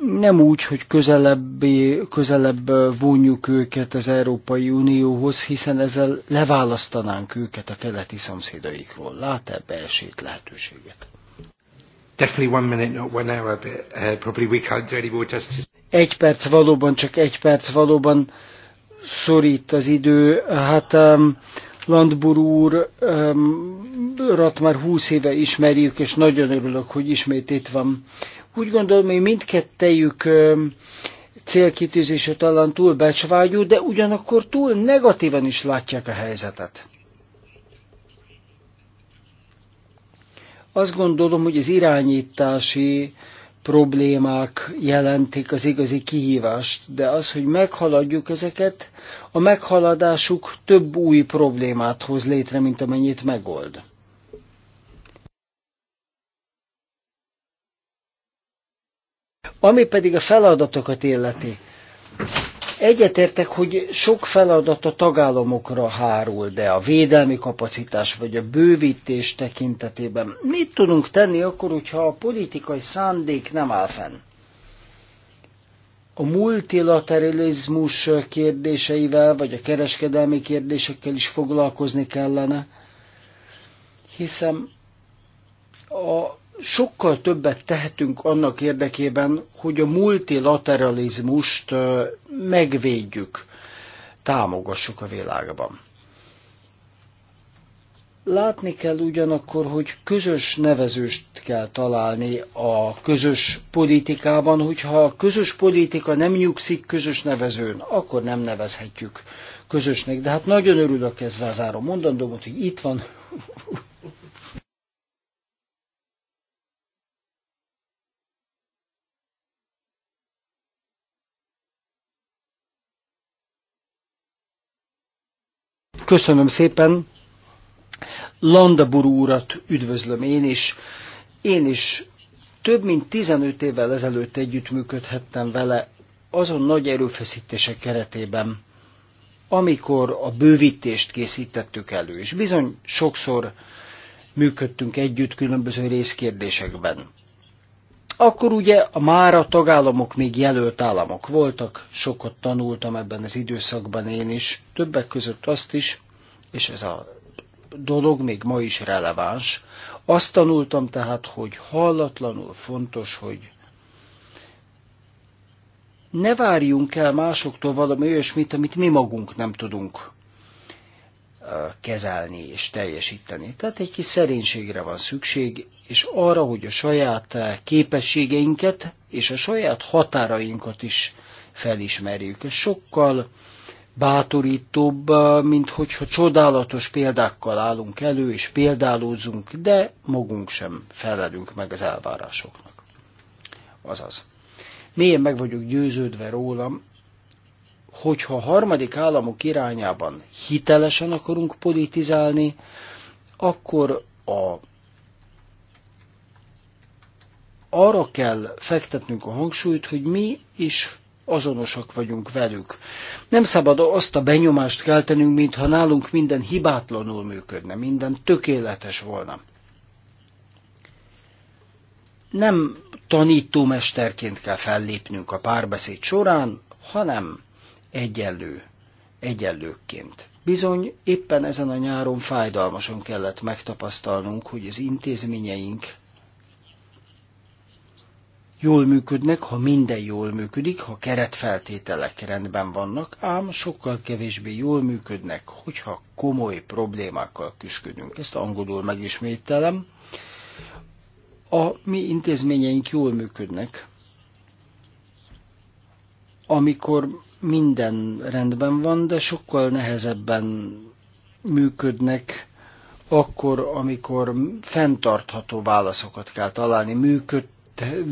Nem úgy, hogy közelebb, közelebb vonjuk őket az Európai Unióhoz, hiszen ezzel leválasztanánk őket a keleti szomszédaikról. Lát ebbe esélyt lehetőséget? Definitely one minute, not one hour, but uh, probably we can't do any more justice. Egy perc valóban, csak egy perc valóban szorít az idő. Hát um, Landbur úr um, rat már húsz éve ismerjük, és nagyon örülök, hogy ismét itt van. Úgy gondolom, hogy mindkettejük um, célkitűzése talán túl becsvágyú, de ugyanakkor túl negatívan is látják a helyzetet. Azt gondolom, hogy az irányítási problémák jelentik az igazi kihívást, de az, hogy meghaladjuk ezeket, a meghaladásuk több új problémát hoz létre, mint amennyit megold. Ami pedig a feladatokat illeti, Egyetértek, hogy sok feladat a tagállamokra hárul, de a védelmi kapacitás vagy a bővítés tekintetében mit tudunk tenni akkor, hogyha a politikai szándék nem áll fenn? A multilateralizmus kérdéseivel, vagy a kereskedelmi kérdésekkel is foglalkozni kellene, hiszen a sokkal többet tehetünk annak érdekében, hogy a multilateralizmust megvédjük, támogassuk a világban. Látni kell ugyanakkor, hogy közös nevezőst kell találni a közös politikában, hogyha a közös politika nem nyugszik közös nevezőn, akkor nem nevezhetjük közösnek. De hát nagyon örülök ezzel zárom mondandómat, hogy itt van Köszönöm szépen. Landabur úrat üdvözlöm én is. Én is több mint 15 évvel ezelőtt együttműködhettem vele azon nagy erőfeszítése keretében, amikor a bővítést készítettük elő, és bizony sokszor működtünk együtt különböző részkérdésekben. Akkor ugye a mára tagállamok még jelölt államok voltak, sokat tanultam ebben az időszakban én is, többek között azt is, és ez a dolog még ma is releváns. Azt tanultam tehát, hogy hallatlanul fontos, hogy ne várjunk el másoktól valami olyasmit, amit mi magunk nem tudunk kezelni és teljesíteni. Tehát egy kis szerénységre van szükség, és arra, hogy a saját képességeinket és a saját határainkat is felismerjük. Ez sokkal bátorítóbb, mint hogyha csodálatos példákkal állunk elő, és példálózunk, de magunk sem felelünk meg az elvárásoknak. Azaz. Mélyen meg vagyok győződve rólam, hogyha harmadik államok irányában hitelesen akarunk politizálni, akkor a arra kell fektetnünk a hangsúlyt, hogy mi is azonosak vagyunk velük. Nem szabad azt a benyomást keltenünk, mintha nálunk minden hibátlanul működne, minden tökéletes volna. Nem tanítómesterként kell fellépnünk a párbeszéd során, hanem egyenlő, egyenlőkként. Bizony, éppen ezen a nyáron fájdalmasan kellett megtapasztalnunk, hogy az intézményeink jól működnek, ha minden jól működik, ha keretfeltételek rendben vannak, ám sokkal kevésbé jól működnek, hogyha komoly problémákkal küzdünk. Ezt angolul megismételem. A mi intézményeink jól működnek, amikor minden rendben van, de sokkal nehezebben működnek, akkor, amikor fenntartható válaszokat kell találni, működ,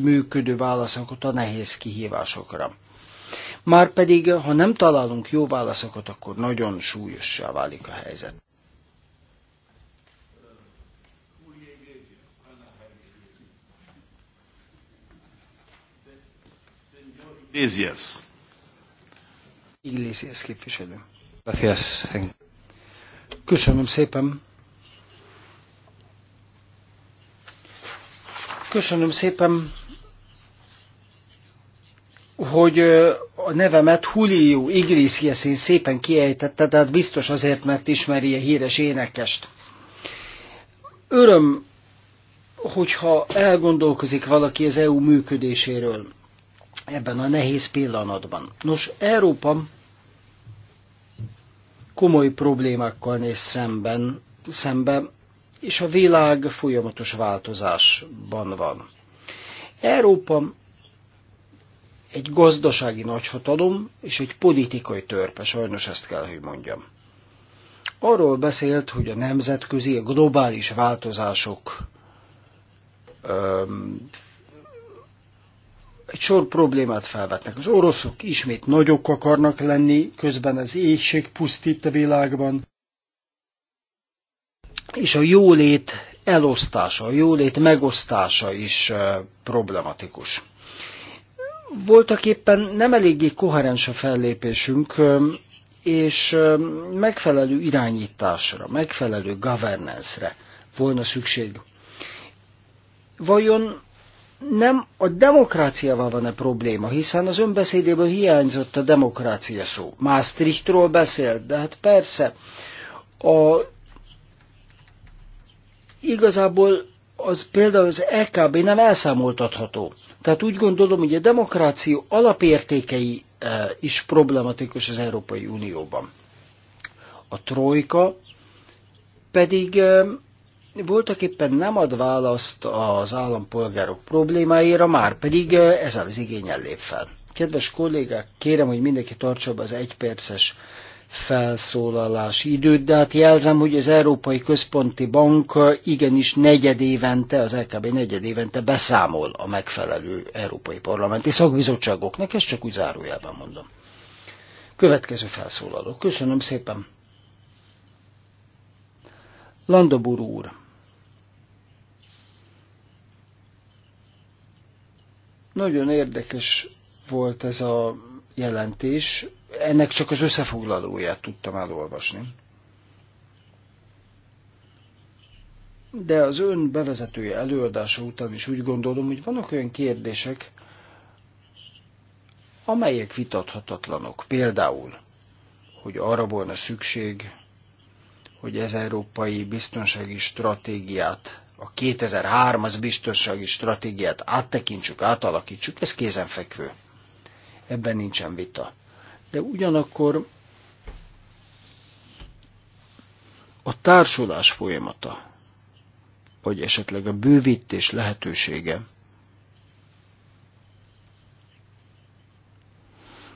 működő válaszokat a nehéz kihívásokra. Márpedig, ha nem találunk jó válaszokat, akkor nagyon súlyossá válik a helyzet. Iglesias. Iglesias képviselő. Gracias. Köszönöm szépen. Köszönöm szépen, hogy a nevemet Julio Iglesias én szépen kiejtette, tehát biztos azért, mert ismeri a híres énekest. Öröm, hogyha elgondolkozik valaki az EU működéséről ebben a nehéz pillanatban. Nos, Európa komoly problémákkal néz szemben, szembe, és a világ folyamatos változásban van. Európa egy gazdasági nagyhatalom és egy politikai törpe, sajnos ezt kell, hogy mondjam. Arról beszélt, hogy a nemzetközi, a globális változások öm, egy sor problémát felvetnek. Az oroszok ismét nagyok akarnak lenni, közben az éhség pusztít a világban, és a jólét elosztása, a jólét megosztása is problematikus. Voltak éppen nem eléggé koherens a fellépésünk, és megfelelő irányításra, megfelelő governance-re volna szükség. Vajon nem a demokráciával van a probléma, hiszen az önbeszédéből hiányzott a demokrácia szó. Maastrichtról beszélt, de hát persze, a, igazából az például az EKB nem elszámoltatható. Tehát úgy gondolom, hogy a demokráció alapértékei e, is problematikus az Európai Unióban. A trojka pedig e, voltak éppen nem ad választ az állampolgárok problémáira, már pedig ezzel az igényen lép fel. Kedves kollégák, kérem, hogy mindenki tartsa be az egyperces felszólalás időt, de hát jelzem, hogy az Európai Központi Bank igenis negyedévente, az LKB negyedévente beszámol a megfelelő Európai Parlamenti Szakbizottságoknak, ezt csak úgy zárójelben mondom. Következő felszólaló. Köszönöm szépen. Landobur úr. Nagyon érdekes volt ez a jelentés, ennek csak az összefoglalóját tudtam elolvasni. De az ön bevezetője előadása után is úgy gondolom, hogy vannak olyan kérdések, amelyek vitathatatlanok. Például, hogy arra volna szükség, hogy ez európai biztonsági stratégiát a 2003-as biztonsági stratégiát áttekintsük, átalakítsuk, ez kézenfekvő. Ebben nincsen vita. De ugyanakkor a társulás folyamata, vagy esetleg a bővítés lehetősége,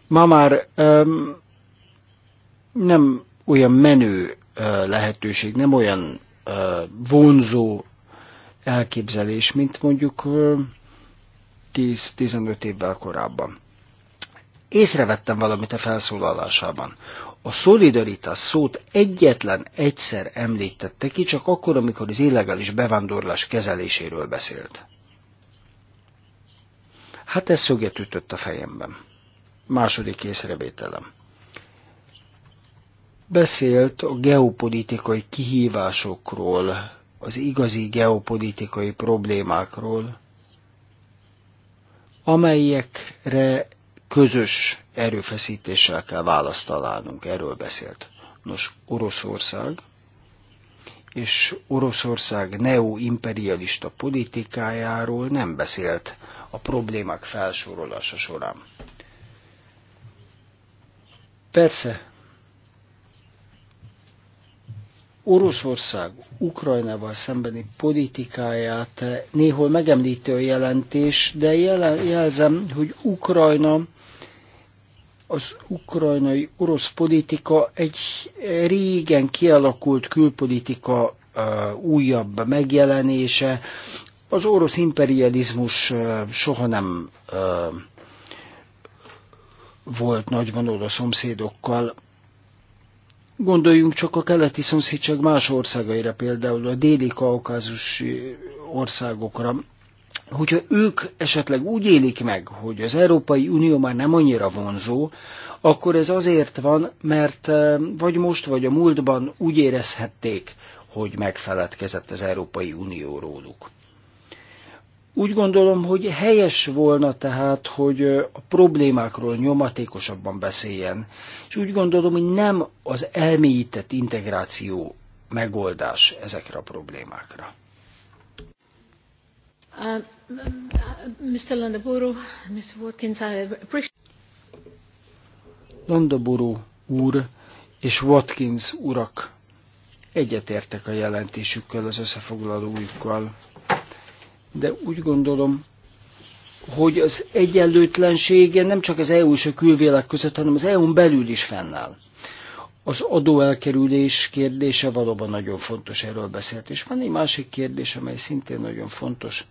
ma már um, nem olyan menő uh, lehetőség, nem olyan uh, vonzó elképzelés, mint mondjuk 10-15 évvel korábban. Észrevettem valamit a felszólalásában. A szolidaritás szót egyetlen egyszer említette ki, csak akkor, amikor az illegális bevándorlás kezeléséről beszélt. Hát ez szöget ütött a fejemben. Második észrevételem. Beszélt a geopolitikai kihívásokról, az igazi geopolitikai problémákról, amelyekre közös erőfeszítéssel kell választ találnunk. Erről beszélt. Nos, Oroszország és Oroszország neoimperialista politikájáról nem beszélt a problémák felsorolása során. Persze, Oroszország Ukrajnával szembeni politikáját néhol megemlíti a jelentés, de jelzem, hogy Ukrajna, az ukrajnai orosz politika egy régen kialakult külpolitika újabb megjelenése. Az orosz imperializmus soha nem volt nagyvonul a szomszédokkal Gondoljunk csak a keleti szomszédság más országaira, például a déli kaukázusi országokra. Hogyha ők esetleg úgy élik meg, hogy az Európai Unió már nem annyira vonzó, akkor ez azért van, mert eh, vagy most, vagy a múltban úgy érezhették, hogy megfeledkezett az Európai Unió róluk. Úgy gondolom, hogy helyes volna tehát, hogy a problémákról nyomatékosabban beszéljen, és úgy gondolom, hogy nem az elmélyített integráció megoldás ezekre a problémákra. Uh, Mr. Landaburu, Mr. Watkins, Landaburu úr és Watkins urak egyetértek a jelentésükkel, az összefoglalójukkal de úgy gondolom, hogy az egyenlőtlensége nem csak az EU és a külvilág között, hanem az EU-n belül is fennáll. Az adóelkerülés kérdése valóban nagyon fontos, erről beszélt. És van egy másik kérdés, amely szintén nagyon fontos,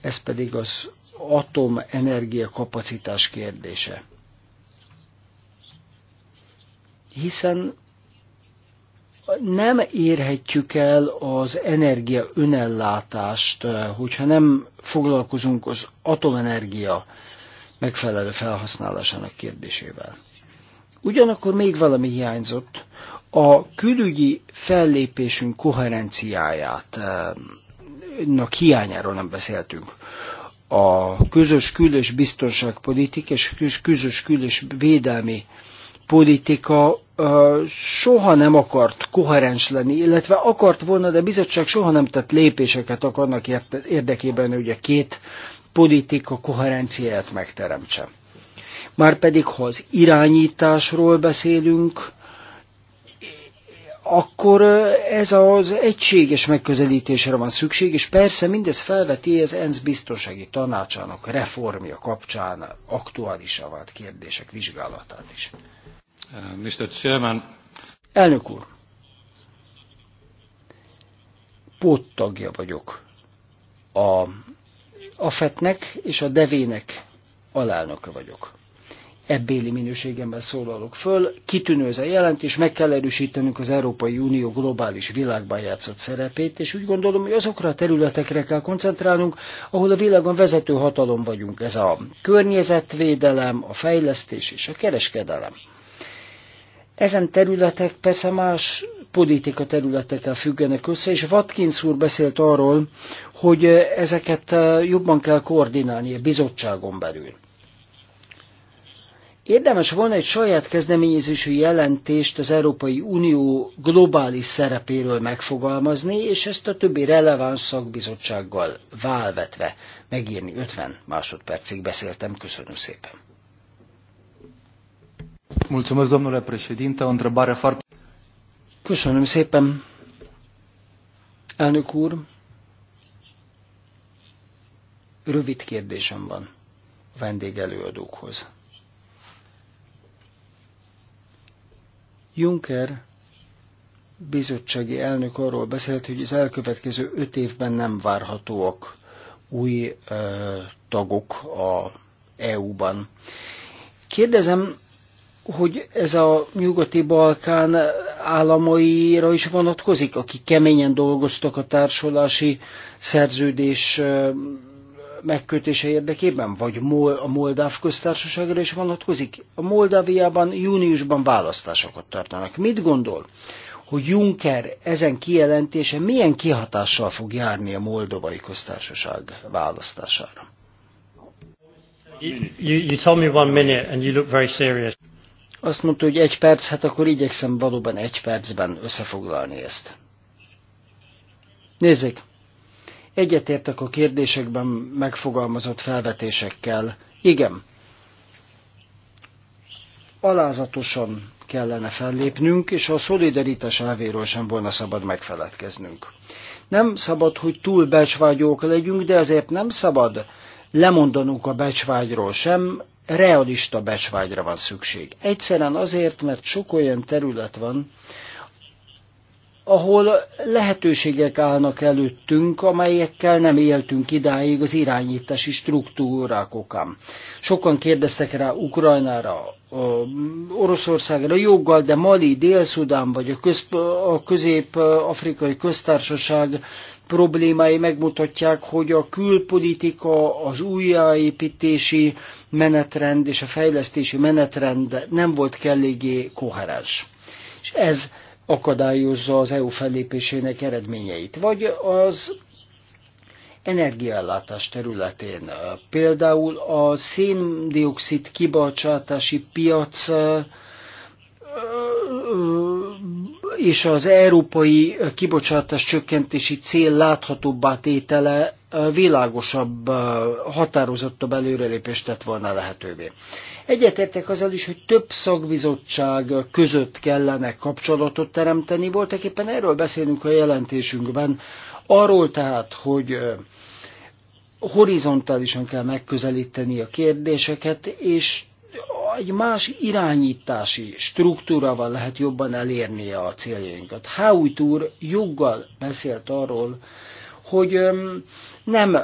ez pedig az atomenergia kapacitás kérdése. Hiszen nem érhetjük el az energia önellátást, eh, hogyha nem foglalkozunk az atomenergia megfelelő felhasználásának kérdésével. Ugyanakkor még valami hiányzott, a külügyi fellépésünk koherenciáját eh, na hiányáról nem beszéltünk. A közös külös biztonságpolitik és közös külös védelmi politika soha nem akart koherens lenni, illetve akart volna, de bizottság soha nem tett lépéseket akarnak érdekében, hogy a két politika koherenciáját megteremtse. Márpedig, ha az irányításról beszélünk, akkor ez az egységes megközelítésre van szükség, és persze mindez felveti az ENSZ biztonsági tanácsának reformja kapcsán aktuálisavált vált kérdések vizsgálatát is. Mr. Chairman. Elnök úr, póttagja vagyok a AFET-nek és a devének alelnöke vagyok. Ebbéli minőségemben szólalok föl, kitűnő ez a jelentés, meg kell erősítenünk az Európai Unió globális világban játszott szerepét, és úgy gondolom, hogy azokra a területekre kell koncentrálnunk, ahol a világon vezető hatalom vagyunk, ez a környezetvédelem, a fejlesztés és a kereskedelem. Ezen területek persze más politika területekkel függenek össze, és Watkins úr beszélt arról, hogy ezeket eh, jobban kell koordinálni a bizottságon belül. Érdemes volna egy saját kezdeményezésű jelentést az Európai Unió globális szerepéről megfogalmazni, és ezt a többi releváns szakbizottsággal válvetve megírni. 50 másodpercig beszéltem, köszönöm szépen. Mulțumesc, domnule președinte. O întrebare foarte... Köszönöm szépen, elnök úr. Rövid kérdésem van vendégelőadókhoz. Juncker bizottsági elnök arról beszélt, hogy az elkövetkező öt évben nem várhatóak új uh, tagok a EU-ban. Kérdezem, hogy ez a nyugati Balkán államaira is vonatkozik, akik keményen dolgoztak a társulási szerződés megkötése érdekében, vagy a Moldáv köztársaságra is vonatkozik? A Moldáviában júniusban választásokat tartanak. Mit gondol, hogy Juncker ezen kijelentése milyen kihatással fog járni a moldovai köztársaság választására? You, you told me one minute and you look very serious. Azt mondta, hogy egy perc, hát akkor igyekszem valóban egy percben összefoglalni ezt. Nézzék! Egyetértek a kérdésekben megfogalmazott felvetésekkel. Igen, alázatosan kellene fellépnünk, és a szolidaritás elvéről sem volna szabad megfeledkeznünk. Nem szabad, hogy túl becsvágyók legyünk, de azért nem szabad lemondanunk a becsvágyról sem, realista becsvágyra van szükség. Egyszerűen azért, mert sok olyan terület van, ahol lehetőségek állnak előttünk, amelyekkel nem éltünk idáig az irányítási struktúrák okán. Sokan kérdeztek rá Ukrajnára, Oroszországra joggal, de Mali, Dél-Szudán vagy a, közp- a közép-afrikai köztársaság problémái megmutatják, hogy a külpolitika, az újjáépítési menetrend és a fejlesztési menetrend nem volt kelléggé koherens. És ez akadályozza az EU fellépésének eredményeit. Vagy az energiaellátás területén. Például a széndiokszid kibocsátási piac és az európai kibocsátás csökkentési cél láthatóbbá tétele világosabb, határozottabb előrelépést tett volna lehetővé. Egyetértek azzal is, hogy több szakbizottság között kellene kapcsolatot teremteni. Voltak éppen erről beszélünk a jelentésünkben. Arról tehát, hogy horizontálisan kell megközelíteni a kérdéseket, és egy más irányítási struktúrával lehet jobban elérnie a céljainkat. Howitt úr joggal beszélt arról, hogy nem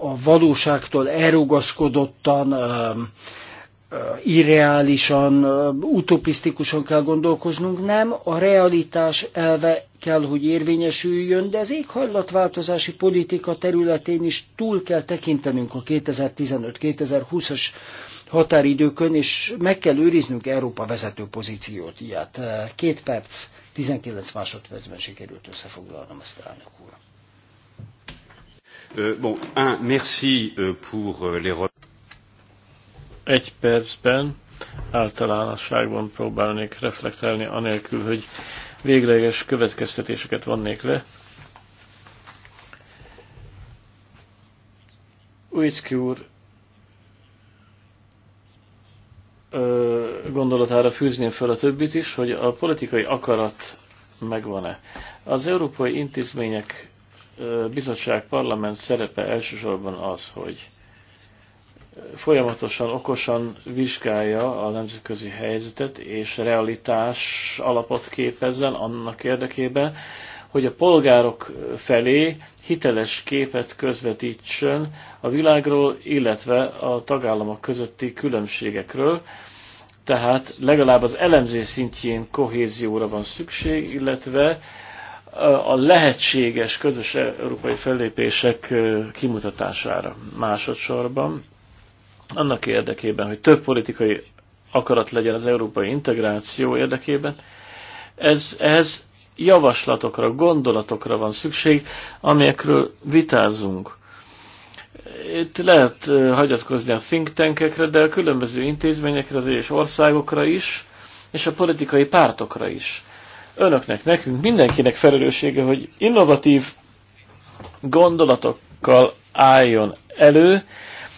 a valóságtól elrugaszkodottan, irreálisan, utopisztikusan kell gondolkoznunk, nem a realitás elve kell, hogy érvényesüljön, de az éghajlatváltozási politika területén is túl kell tekintenünk a 2015-2020-as határidőkön, és meg kell őriznünk Európa vezető pozíciót, ilyet. Két perc, 19 másodpercben sikerült összefoglalnom ezt, elnök úr. Bon, un, merci pour euh, les... Egy percben általánosságban próbálnék reflektálni, anélkül, hogy végleges következtetéseket vannék le. Újcki úr gondolatára fűzném fel a többit is, hogy a politikai akarat megvan-e. Az európai intézmények, bizottság, parlament szerepe elsősorban az, hogy folyamatosan, okosan vizsgálja a nemzetközi helyzetet, és realitás alapot képezzen annak érdekében, hogy a polgárok felé hiteles képet közvetítsön a világról, illetve a tagállamok közötti különbségekről. Tehát legalább az elemzés szintjén kohézióra van szükség, illetve a lehetséges közös európai fellépések kimutatására másodszorban, annak érdekében, hogy több politikai akarat legyen az európai integráció érdekében, ez, ehhez javaslatokra, gondolatokra van szükség, amelyekről vitázunk. Itt lehet hagyatkozni a think tankekre, de a különböző intézményekre, az egyes országokra is, és a politikai pártokra is. Önöknek, nekünk, mindenkinek felelőssége, hogy innovatív gondolatokkal álljon elő,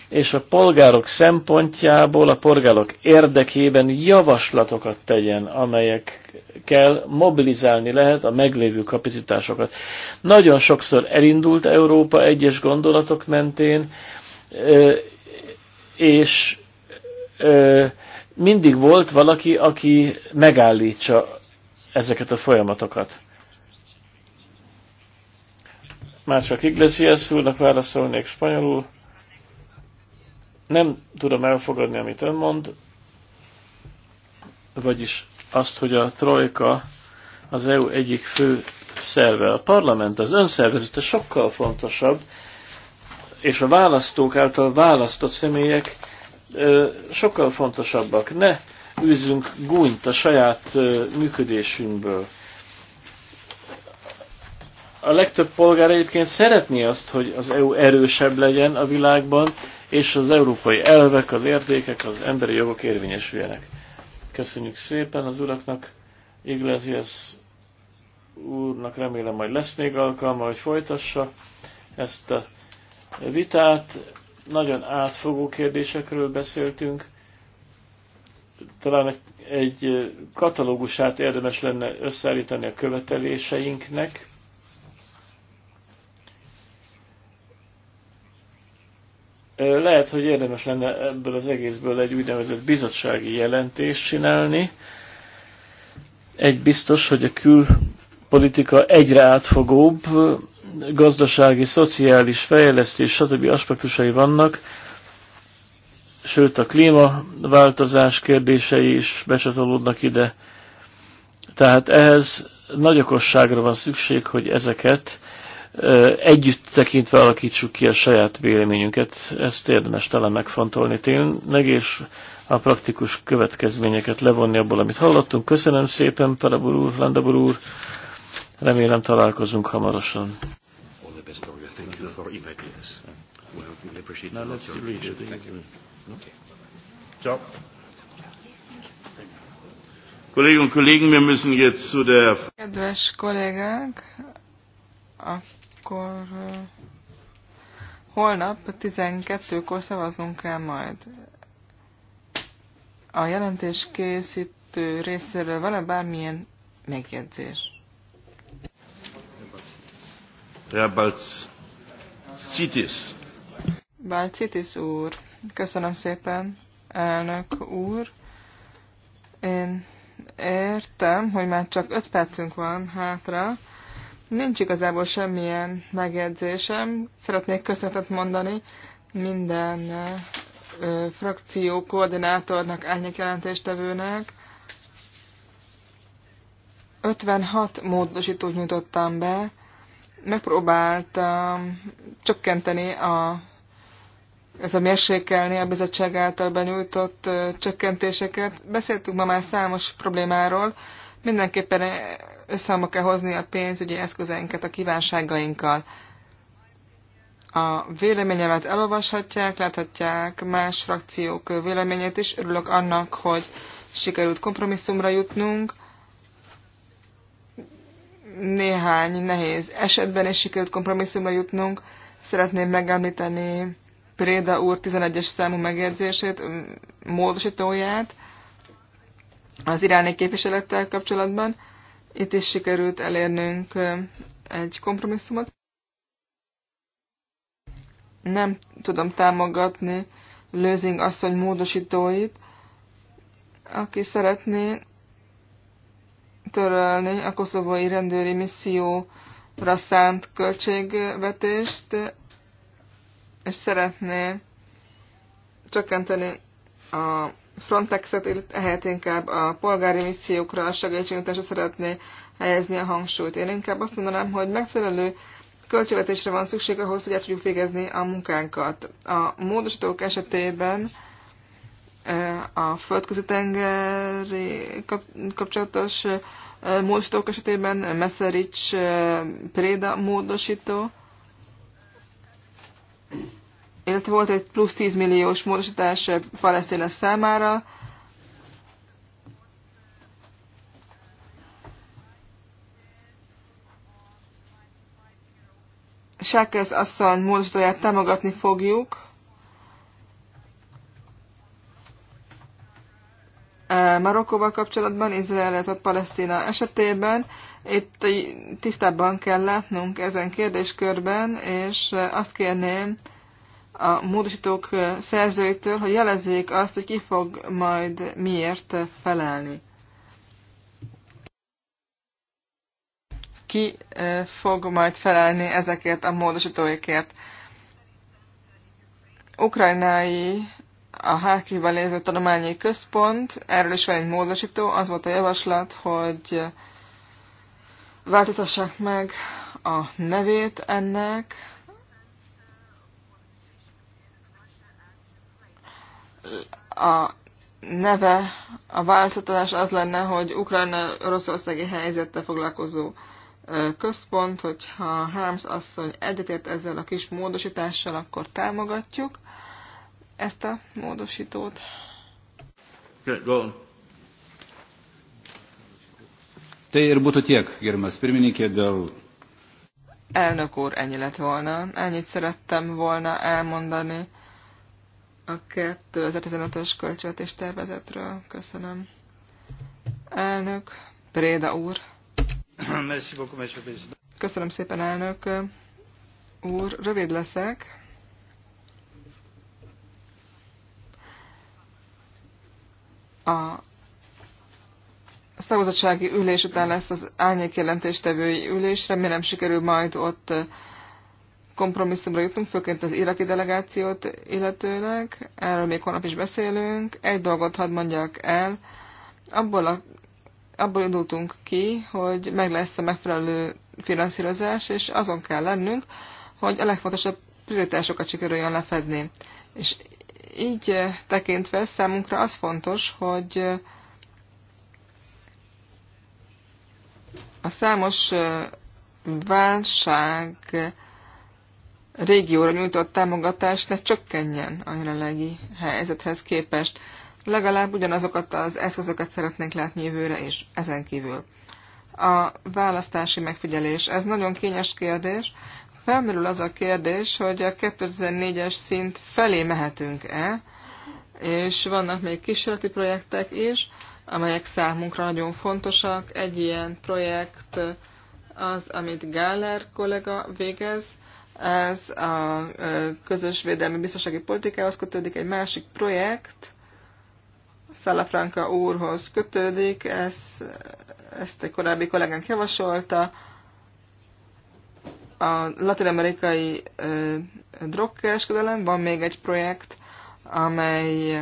és a polgárok szempontjából, a polgárok érdekében javaslatokat tegyen, amelyekkel mobilizálni lehet a meglévő kapacitásokat. Nagyon sokszor elindult Európa egyes gondolatok mentén, és mindig volt valaki, aki megállítsa ezeket a folyamatokat. Már csak Iglesias úrnak válaszolnék spanyolul. Nem tudom elfogadni, amit ön mond, vagyis azt, hogy a trojka az EU egyik fő szerve. A parlament az önszervezete sokkal fontosabb, és a választók által választott személyek ö, sokkal fontosabbak. Ne űzzünk gúnyt a saját ö, működésünkből a legtöbb polgár egyébként szeretné azt, hogy az EU erősebb legyen a világban, és az európai elvek, az értékek, az emberi jogok érvényesüljenek. Köszönjük szépen az uraknak, Iglesias úrnak remélem majd lesz még alkalma, hogy folytassa ezt a vitát. Nagyon átfogó kérdésekről beszéltünk. Talán egy, egy katalógusát érdemes lenne összeállítani a követeléseinknek, Lehet, hogy érdemes lenne ebből az egészből egy úgynevezett bizottsági jelentést csinálni. Egy biztos, hogy a külpolitika egyre átfogóbb, gazdasági, szociális, fejlesztés, stb. aspektusai vannak, sőt a klímaváltozás kérdései is becsatolódnak ide. Tehát ehhez nagy okosságra van szükség, hogy ezeket együtt tekintve alakítsuk ki a saját véleményünket. Ezt érdemes talán megfontolni tényleg, és a praktikus következményeket levonni abból, amit hallottunk. Köszönöm szépen, Parabur úr, Landabur úr. Remélem találkozunk hamarosan. Hmm? Kolleginnen und wir müssen jetzt zu der Kedves kollégák, akkor holnap 12-kor szavaznunk kell majd. A jelentés készítő részéről van-e bármilyen megjegyzés? Balcitis. Citis. Balcitis úr. Köszönöm szépen, elnök úr. Én értem, hogy már csak öt percünk van hátra, Nincs igazából semmilyen megjegyzésem. Szeretnék köszönetet mondani minden ö, frakció koordinátornak, árnyékjelentéstevőnek. 56 módosítót nyújtottam be. Megpróbáltam csökkenteni a ez a mérsékelni a bizottság által benyújtott csökkentéseket. Beszéltünk ma már számos problémáról, Mindenképpen összehangba kell hozni a pénzügyi eszközeinket a kívánságainkkal. A véleményemet elolvashatják, láthatják más frakciók véleményét is. Örülök annak, hogy sikerült kompromisszumra jutnunk. Néhány nehéz esetben is sikerült kompromisszumra jutnunk. Szeretném megemlíteni Préda úr 11-es számú megjegyzését, mm, módosítóját az iráni képviselettel kapcsolatban. Itt is sikerült elérnünk egy kompromisszumot. Nem tudom támogatni Lőzing asszony módosítóit, aki szeretné törölni a koszovói rendőri misszióra szánt költségvetést, és szeretné csökkenteni a Frontexet ehhez inkább a polgári missziókra, a segítségnyújtásra szeretné helyezni a hangsúlyt. Én inkább azt mondanám, hogy megfelelő költségvetésre van szükség ahhoz, hogy el tudjuk végezni a munkánkat. A módosítók esetében e, a földközi tengeri kapcsolatos e, módosítók esetében Messerich e, Préda módosító, illetve volt egy plusz 10 milliós módosítás Palesztina számára. Sákez asszony módosítóját támogatni fogjuk. E, Marokkóval kapcsolatban, Izrael, a Palesztina esetében. Itt tisztában kell látnunk ezen kérdéskörben, és azt kérném, a módosítók szerzőitől, hogy jelezzék azt, hogy ki fog majd miért felelni. Ki fog majd felelni ezekért a módosítóikért. Ukrajnai a Hárkivben lévő tanulmányi központ, erről is van egy módosító, az volt a javaslat, hogy változtassák meg a nevét ennek, a neve, a változtatás az lenne, hogy Ukrajna oroszországi helyzette foglalkozó központ, hogyha Harms asszony egyetért ezzel a kis módosítással, akkor támogatjuk ezt a módosítót. Te go on. Tai Elnök úr, ennyi lett volna. Ennyit szerettem volna elmondani a 2015-ös költségvetés tervezetről. Köszönöm. Elnök, Préda úr. Köszönöm szépen, elnök úr. Rövid leszek. a szavazatsági ülés után lesz az árnyék jelentéstevői ülés, remélem sikerül majd ott kompromisszumra jutunk, főként az iraki delegációt illetőleg, erről még holnap is beszélünk. Egy dolgot hadd mondjak el, abból, a, abból indultunk ki, hogy meg lesz a megfelelő finanszírozás, és azon kell lennünk, hogy a legfontosabb prioritásokat sikerüljön lefedni. És így tekintve számunkra az fontos, hogy a számos válság régióra nyújtott támogatás ne csökkenjen a jelenlegi helyzethez képest. Legalább ugyanazokat az eszközöket szeretnénk látni jövőre és ezen kívül. A választási megfigyelés. Ez nagyon kényes kérdés. Felmerül az a kérdés, hogy a 2004-es szint felé mehetünk-e, és vannak még kísérleti projektek is, amelyek számunkra nagyon fontosak. Egy ilyen projekt az, amit Gáller kollega végez, ez a közös védelmi biztonsági politikához kötődik egy másik projekt, Szalafranka úrhoz kötődik, ez, ezt egy korábbi kollégánk javasolta. A latin-amerikai drogkereskedelem van még egy projekt, amely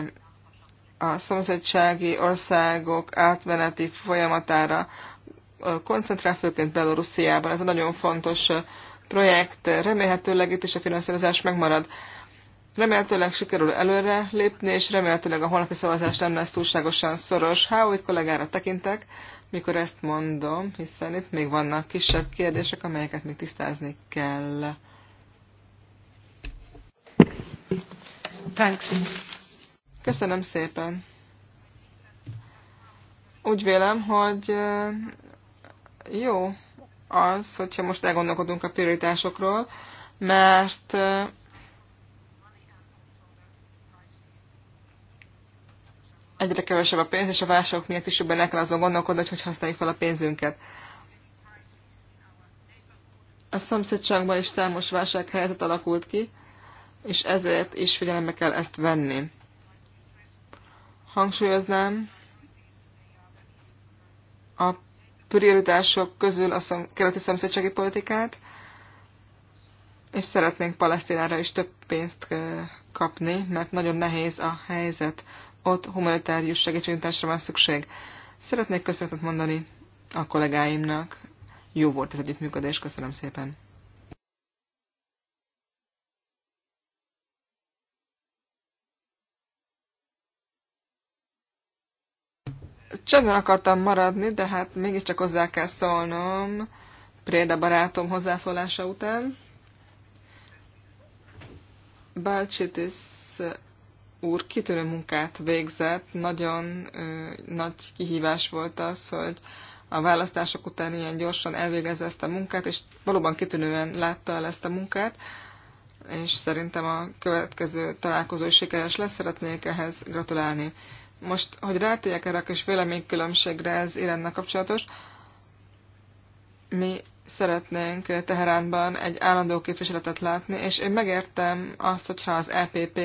a szomszédsági országok átmeneti folyamatára koncentrál, főként Belorussziában. Ez a nagyon fontos projekt remélhetőleg itt is a finanszírozás megmarad. Remélhetőleg sikerül előre lépni, és remélhetőleg a holnapi szavazás nem lesz túlságosan szoros. úgy kollégára tekintek, mikor ezt mondom, hiszen itt még vannak kisebb kérdések, amelyeket még tisztázni kell. Thanks. Köszönöm szépen. Úgy vélem, hogy jó az, hogyha most elgondolkodunk a prioritásokról, mert egyre kevesebb a pénz, és a válságok miatt is jobban el kell azon gondolkodni, hogy hogy használjuk fel a pénzünket. A szomszédságban is számos válsághelyzet alakult ki, és ezért is figyelembe kell ezt venni. Hangsúlyoznám a prioritások közül a szom, keleti szomszédsági politikát, és szeretnénk Palesztinára is több pénzt kapni, mert nagyon nehéz a helyzet. Ott humanitárius segítségnyújtásra van szükség. Szeretnék köszönetet mondani a kollégáimnak. Jó volt az együttműködés, köszönöm szépen. Csendben akartam maradni, de hát mégiscsak hozzá kell szólnom Préda barátom hozzászólása után. Balcsitis uh, úr kitűnő munkát végzett, nagyon ö, uh, nagy kihívás volt az, hogy a választások után ilyen gyorsan elvégezze ezt a munkát, és valóban kitűnően látta el ezt a munkát, és szerintem a következő találkozó is sikeres lesz, szeretnék ehhez gratulálni. Most, hogy rátérjek erre a kis véleménykülönbségre, ez Irennel kapcsolatos, mi szeretnénk Teheránban egy állandó képviseletet látni, és én megértem azt, hogyha az EPP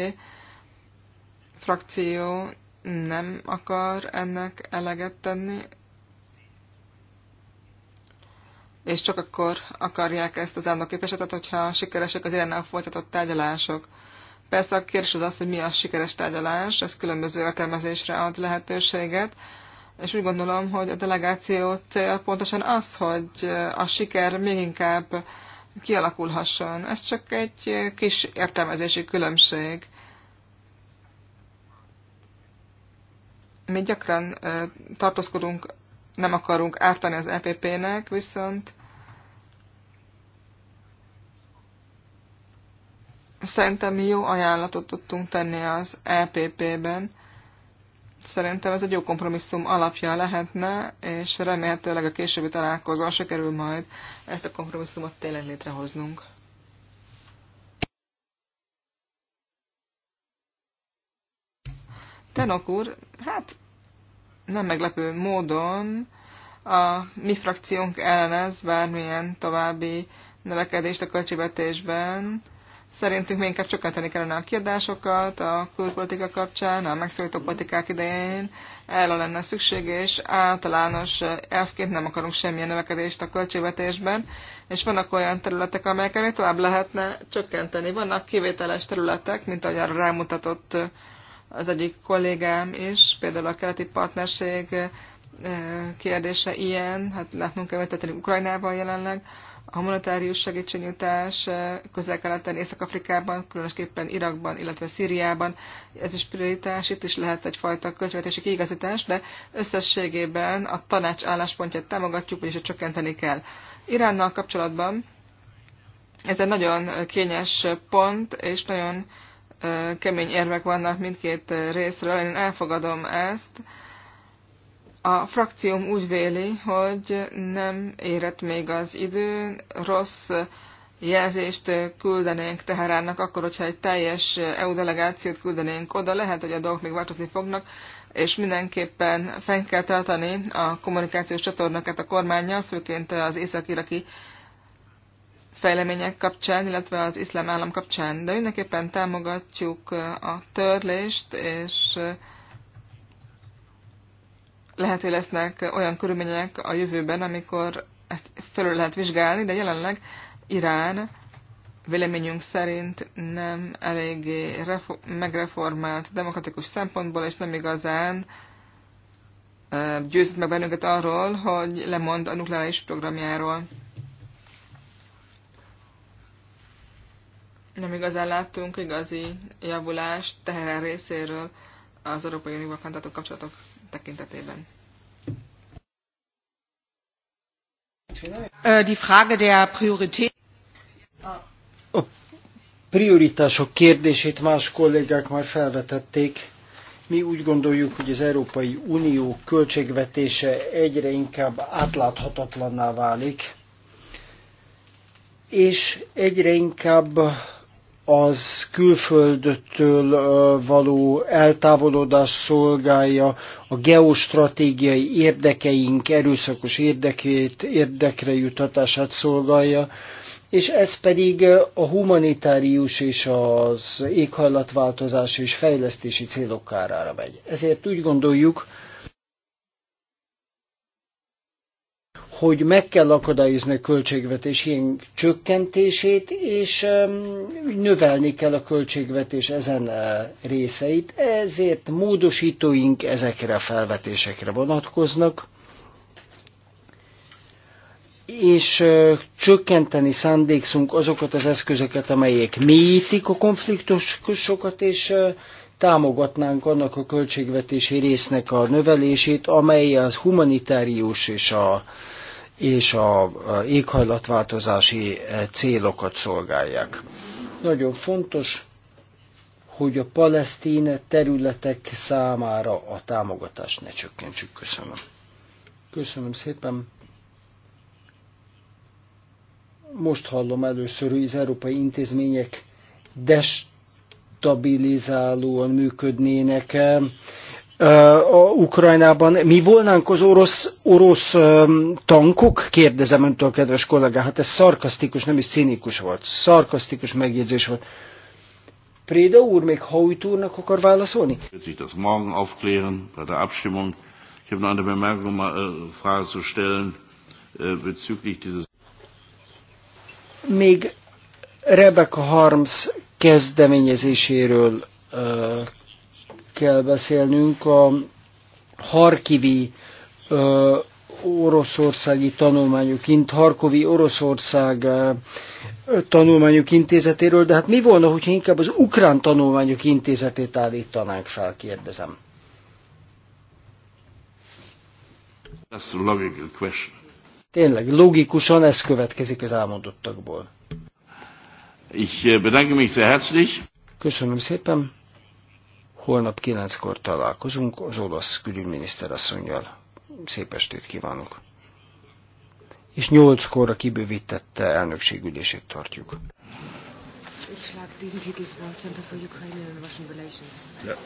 frakció nem akar ennek eleget tenni, és csak akkor akarják ezt az állandó képviseletet, hogyha sikeresek az Irennel folytatott tárgyalások. Persze a kérdés az az, hogy mi a sikeres tárgyalás, ez különböző értelmezésre ad lehetőséget, és úgy gondolom, hogy a delegáció cél pontosan az, hogy a siker még inkább kialakulhasson. Ez csak egy kis értelmezési különbség. Mi gyakran tartózkodunk, nem akarunk ártani az EPP-nek, viszont Szerintem jó ajánlatot tudtunk tenni az EPP-ben. Szerintem ez egy jó kompromisszum alapja lehetne, és remélhetőleg a későbbi találkozón sikerül majd ezt a kompromisszumot tényleg létrehoznunk. Tenok úr, hát nem meglepő módon a mi frakciónk ellenez bármilyen további növekedést a költségvetésben, Szerintünk még inkább csökkenteni kellene a kiadásokat a külpolitika kapcsán, a megszólító politikák idején erre lenne szükség, és általános eh, elfként nem akarunk semmilyen növekedést a költségvetésben, és vannak olyan területek, amelyeken még tovább lehetne csökkenteni. Vannak kivételes területek, mint ahogy arra rámutatott eh, az egyik kollégám is, például a keleti partnerség eh, kérdése ilyen, hát látnunk kell, hogy Ukrajnával jelenleg, a monetárius segítségnyújtás eh, közel-keleten, Észak-Afrikában, különösképpen Irakban, illetve Szíriában. Ez is prioritás, itt is lehet egyfajta költségvetési kiigazítás, de összességében a tanács álláspontját támogatjuk, vagyis csökkenteni kell. Iránnal kapcsolatban ez egy nagyon kényes pont, és nagyon eh, kemény érvek vannak mindkét részről. Én elfogadom ezt, a frakcióm úgy véli, hogy nem érett még az idő, rossz jelzést küldenénk Teheránnak, akkor, hogyha egy teljes EU delegációt küldenénk oda, lehet, hogy a dolgok még változni fognak, és mindenképpen fenn kell tartani a kommunikációs csatornákat a kormányjal, főként az észak-iraki fejlemények kapcsán, illetve az iszlám állam kapcsán. De mindenképpen támogatjuk a törlést, és lehet, hogy lesznek olyan körülmények a jövőben, amikor ezt felül lehet vizsgálni, de jelenleg Irán véleményünk szerint nem eléggé megreformált demokratikus szempontból, és nem igazán győzött meg bennünket arról, hogy lemond a nukleáris programjáról. Nem igazán láttunk igazi javulást Teherán részéről az Európai Unióval fenntartott kapcsolatok tekintetében. Die Frage der Priorität. A prioritások kérdését más kollégák már felvetették. Mi úgy gondoljuk, hogy az Európai Unió költségvetése egyre inkább átláthatatlanná válik, és egyre inkább az külföldtől való eltávolodás szolgálja a geostratégiai érdekeink erőszakos érdekét, érdekre jutatását szolgálja, és ez pedig a humanitárius és az éghajlatváltozás és fejlesztési célok kárára megy. Ezért úgy gondoljuk, hogy meg kell akadályozni a költségvetés csökkentését, és növelni kell a költségvetés ezen e, részeit, ezért módosítóink ezekre a felvetésekre vonatkoznak, és e, csökkenteni szándékszunk azokat az eszközöket, amelyek mélyítik a konfliktusokat, és e, támogatnánk annak a költségvetési résznek a növelését, amely az humanitárius és a és a éghajlatváltozási e, célokat szolgálják. Nagyon fontos, hogy a palesztin területek számára a támogatást ne csökkentsük. Köszönöm. Köszönöm szépen. Most hallom először, hogy az európai intézmények destabilizálóan működnének a Ukrajnában. Mi volnánk az orosz, orosz tankok? Kérdezem öntől, kedves kollégá. Hát ez szarkasztikus, nem is cínikus volt. Szarkasztikus megjegyzés volt. Préda úr még Haujt túrnak akar válaszolni? Wird morgen äh, äh, Még Rebecca Harms kezdeményezéséről kell beszélnünk a Harkivi ö, oroszországi tanulmányok, Harkovi Oroszország tanulmányok intézetéről, de hát mi volna, hogyha inkább az Ukrán tanulmányok intézetét állítanánk fel, kérdezem. That's a logical question. Tényleg, logikusan ez következik az elmondottakból. Ich äh, bedanke mich sehr herzlich. Köszönöm szépen. Holnap kilenckor találkozunk az olasz külügyminiszter asszonyjal. Szép estét kívánok! És nyolckor a kibővített elnökségülését tartjuk. Ich schlag diesen Titel vor, Center for Ukrainian and Russian Relations. Ja.